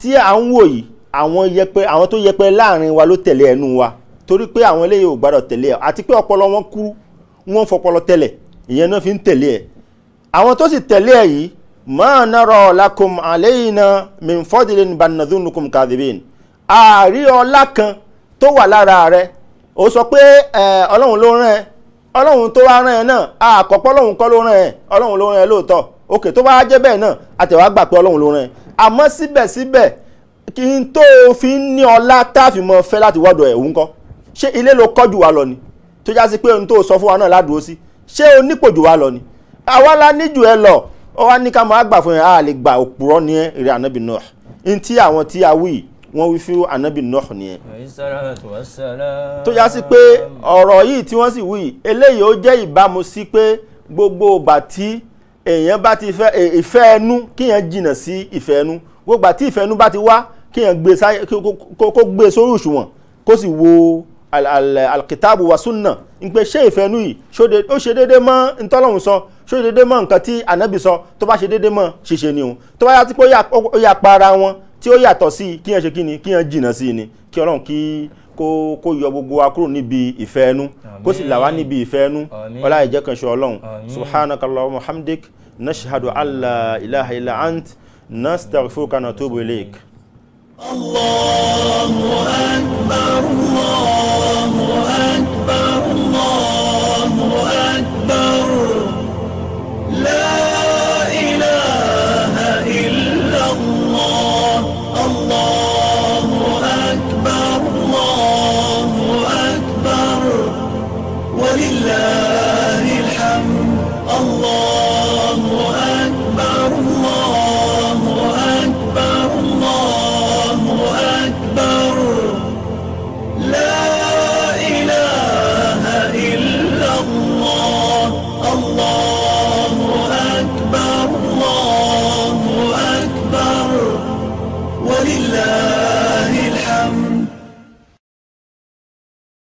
tí à ń wò yìí àwọn yẹpẹ àwọn tó yẹpẹ láàrin wa ló tẹ̀lé ẹnu wa torí pé àwọn eléyìí ò gbàdọ̀ tẹ̀lé ẹ àti pé ọpọlọ wọn kúrú wọn fọpọlọ tẹ̀lé ìyẹn náà fi ń tẹ̀lé ẹ àwọn tó sì tẹ̀lé ẹ yìí máa nara lakum alayna min fadlin banadhunukum kadhibin àárí ọlá kan tó wà lára rẹ ó sọ pé ọlọ́run ló rán ẹ ọlọ́run tó wá rán ẹ náà àkọ́pọ́ ọlọ́run kọ́ ló rán ẹ ọlọ́run ló rán ẹ lóòótọ́ òkè tó bá jẹ́ bẹ́ẹ̀ náà àtẹ̀wá gbà pé ọlọ́run ló rán ẹ àmọ́ síbẹ̀síbẹ̀ kí n tó fi ń ní ọlá táàfin mọ fẹ́ láti wọ́dọ̀ ẹ̀ òun kọ́ ṣé ilé ló kọ́ jù wá lọ ni tó já sí pé ohun tó sọ fún wa náà ládùúró sí ṣé o nípò jù wá lọ ni àwa la ní jù ẹ lọ ọ wá ní ká máa gbà fún yẹn a lè gba òpùrọ́ ní ẹ èrè ànábì Nuh n tí àwọn tí a wí wọ́n wí fún ànábì Nuh nìyẹn. tó já sí pé ọ̀rọ̀ yìí tí wọ́n sì wí eléyìí ó jẹ́ ìbámu sí pé gbogbo ìgbà tí èèyàn bá ti fẹ́ ìfẹ́ ẹnu kíyàn jìnnà sí ìfẹ́ ẹnu gbogbo àti ìfẹ́nu bá ti wá kéèyàn gbé sáyé kó gbé e sórí òṣùwọ̀n kó sì wo alkitaabu wa sunna n pé ṣé ìfẹ́nu yìí ó ṣe déédé mọ́ ntọ́lọ́hún sọ ṣó ṣe déédé mọ́ nǹkan tí ànábì sọ tó bá ṣe déédé mọ́ ṣiṣẹ́ ni òun tó bá yá tí pé ó yà pa ara wọn tí ó yàtọ̀ sí i kíyàn ṣe kí ni kíyàn jìnnà sí i ni kí ọlọ́run kí kó yọ gbogbo wa kúrò níbi ìfẹ́ kó sì là wá níbi ìfẹ́ ẹnu ọlá ìjẹ́kànṣe ọlọ́run subhanakallahumma hamdik nashhadu alla ilaha illa ant نستغفرك ونتوب إليك الله أكبر الله أكبر الله أكبر لا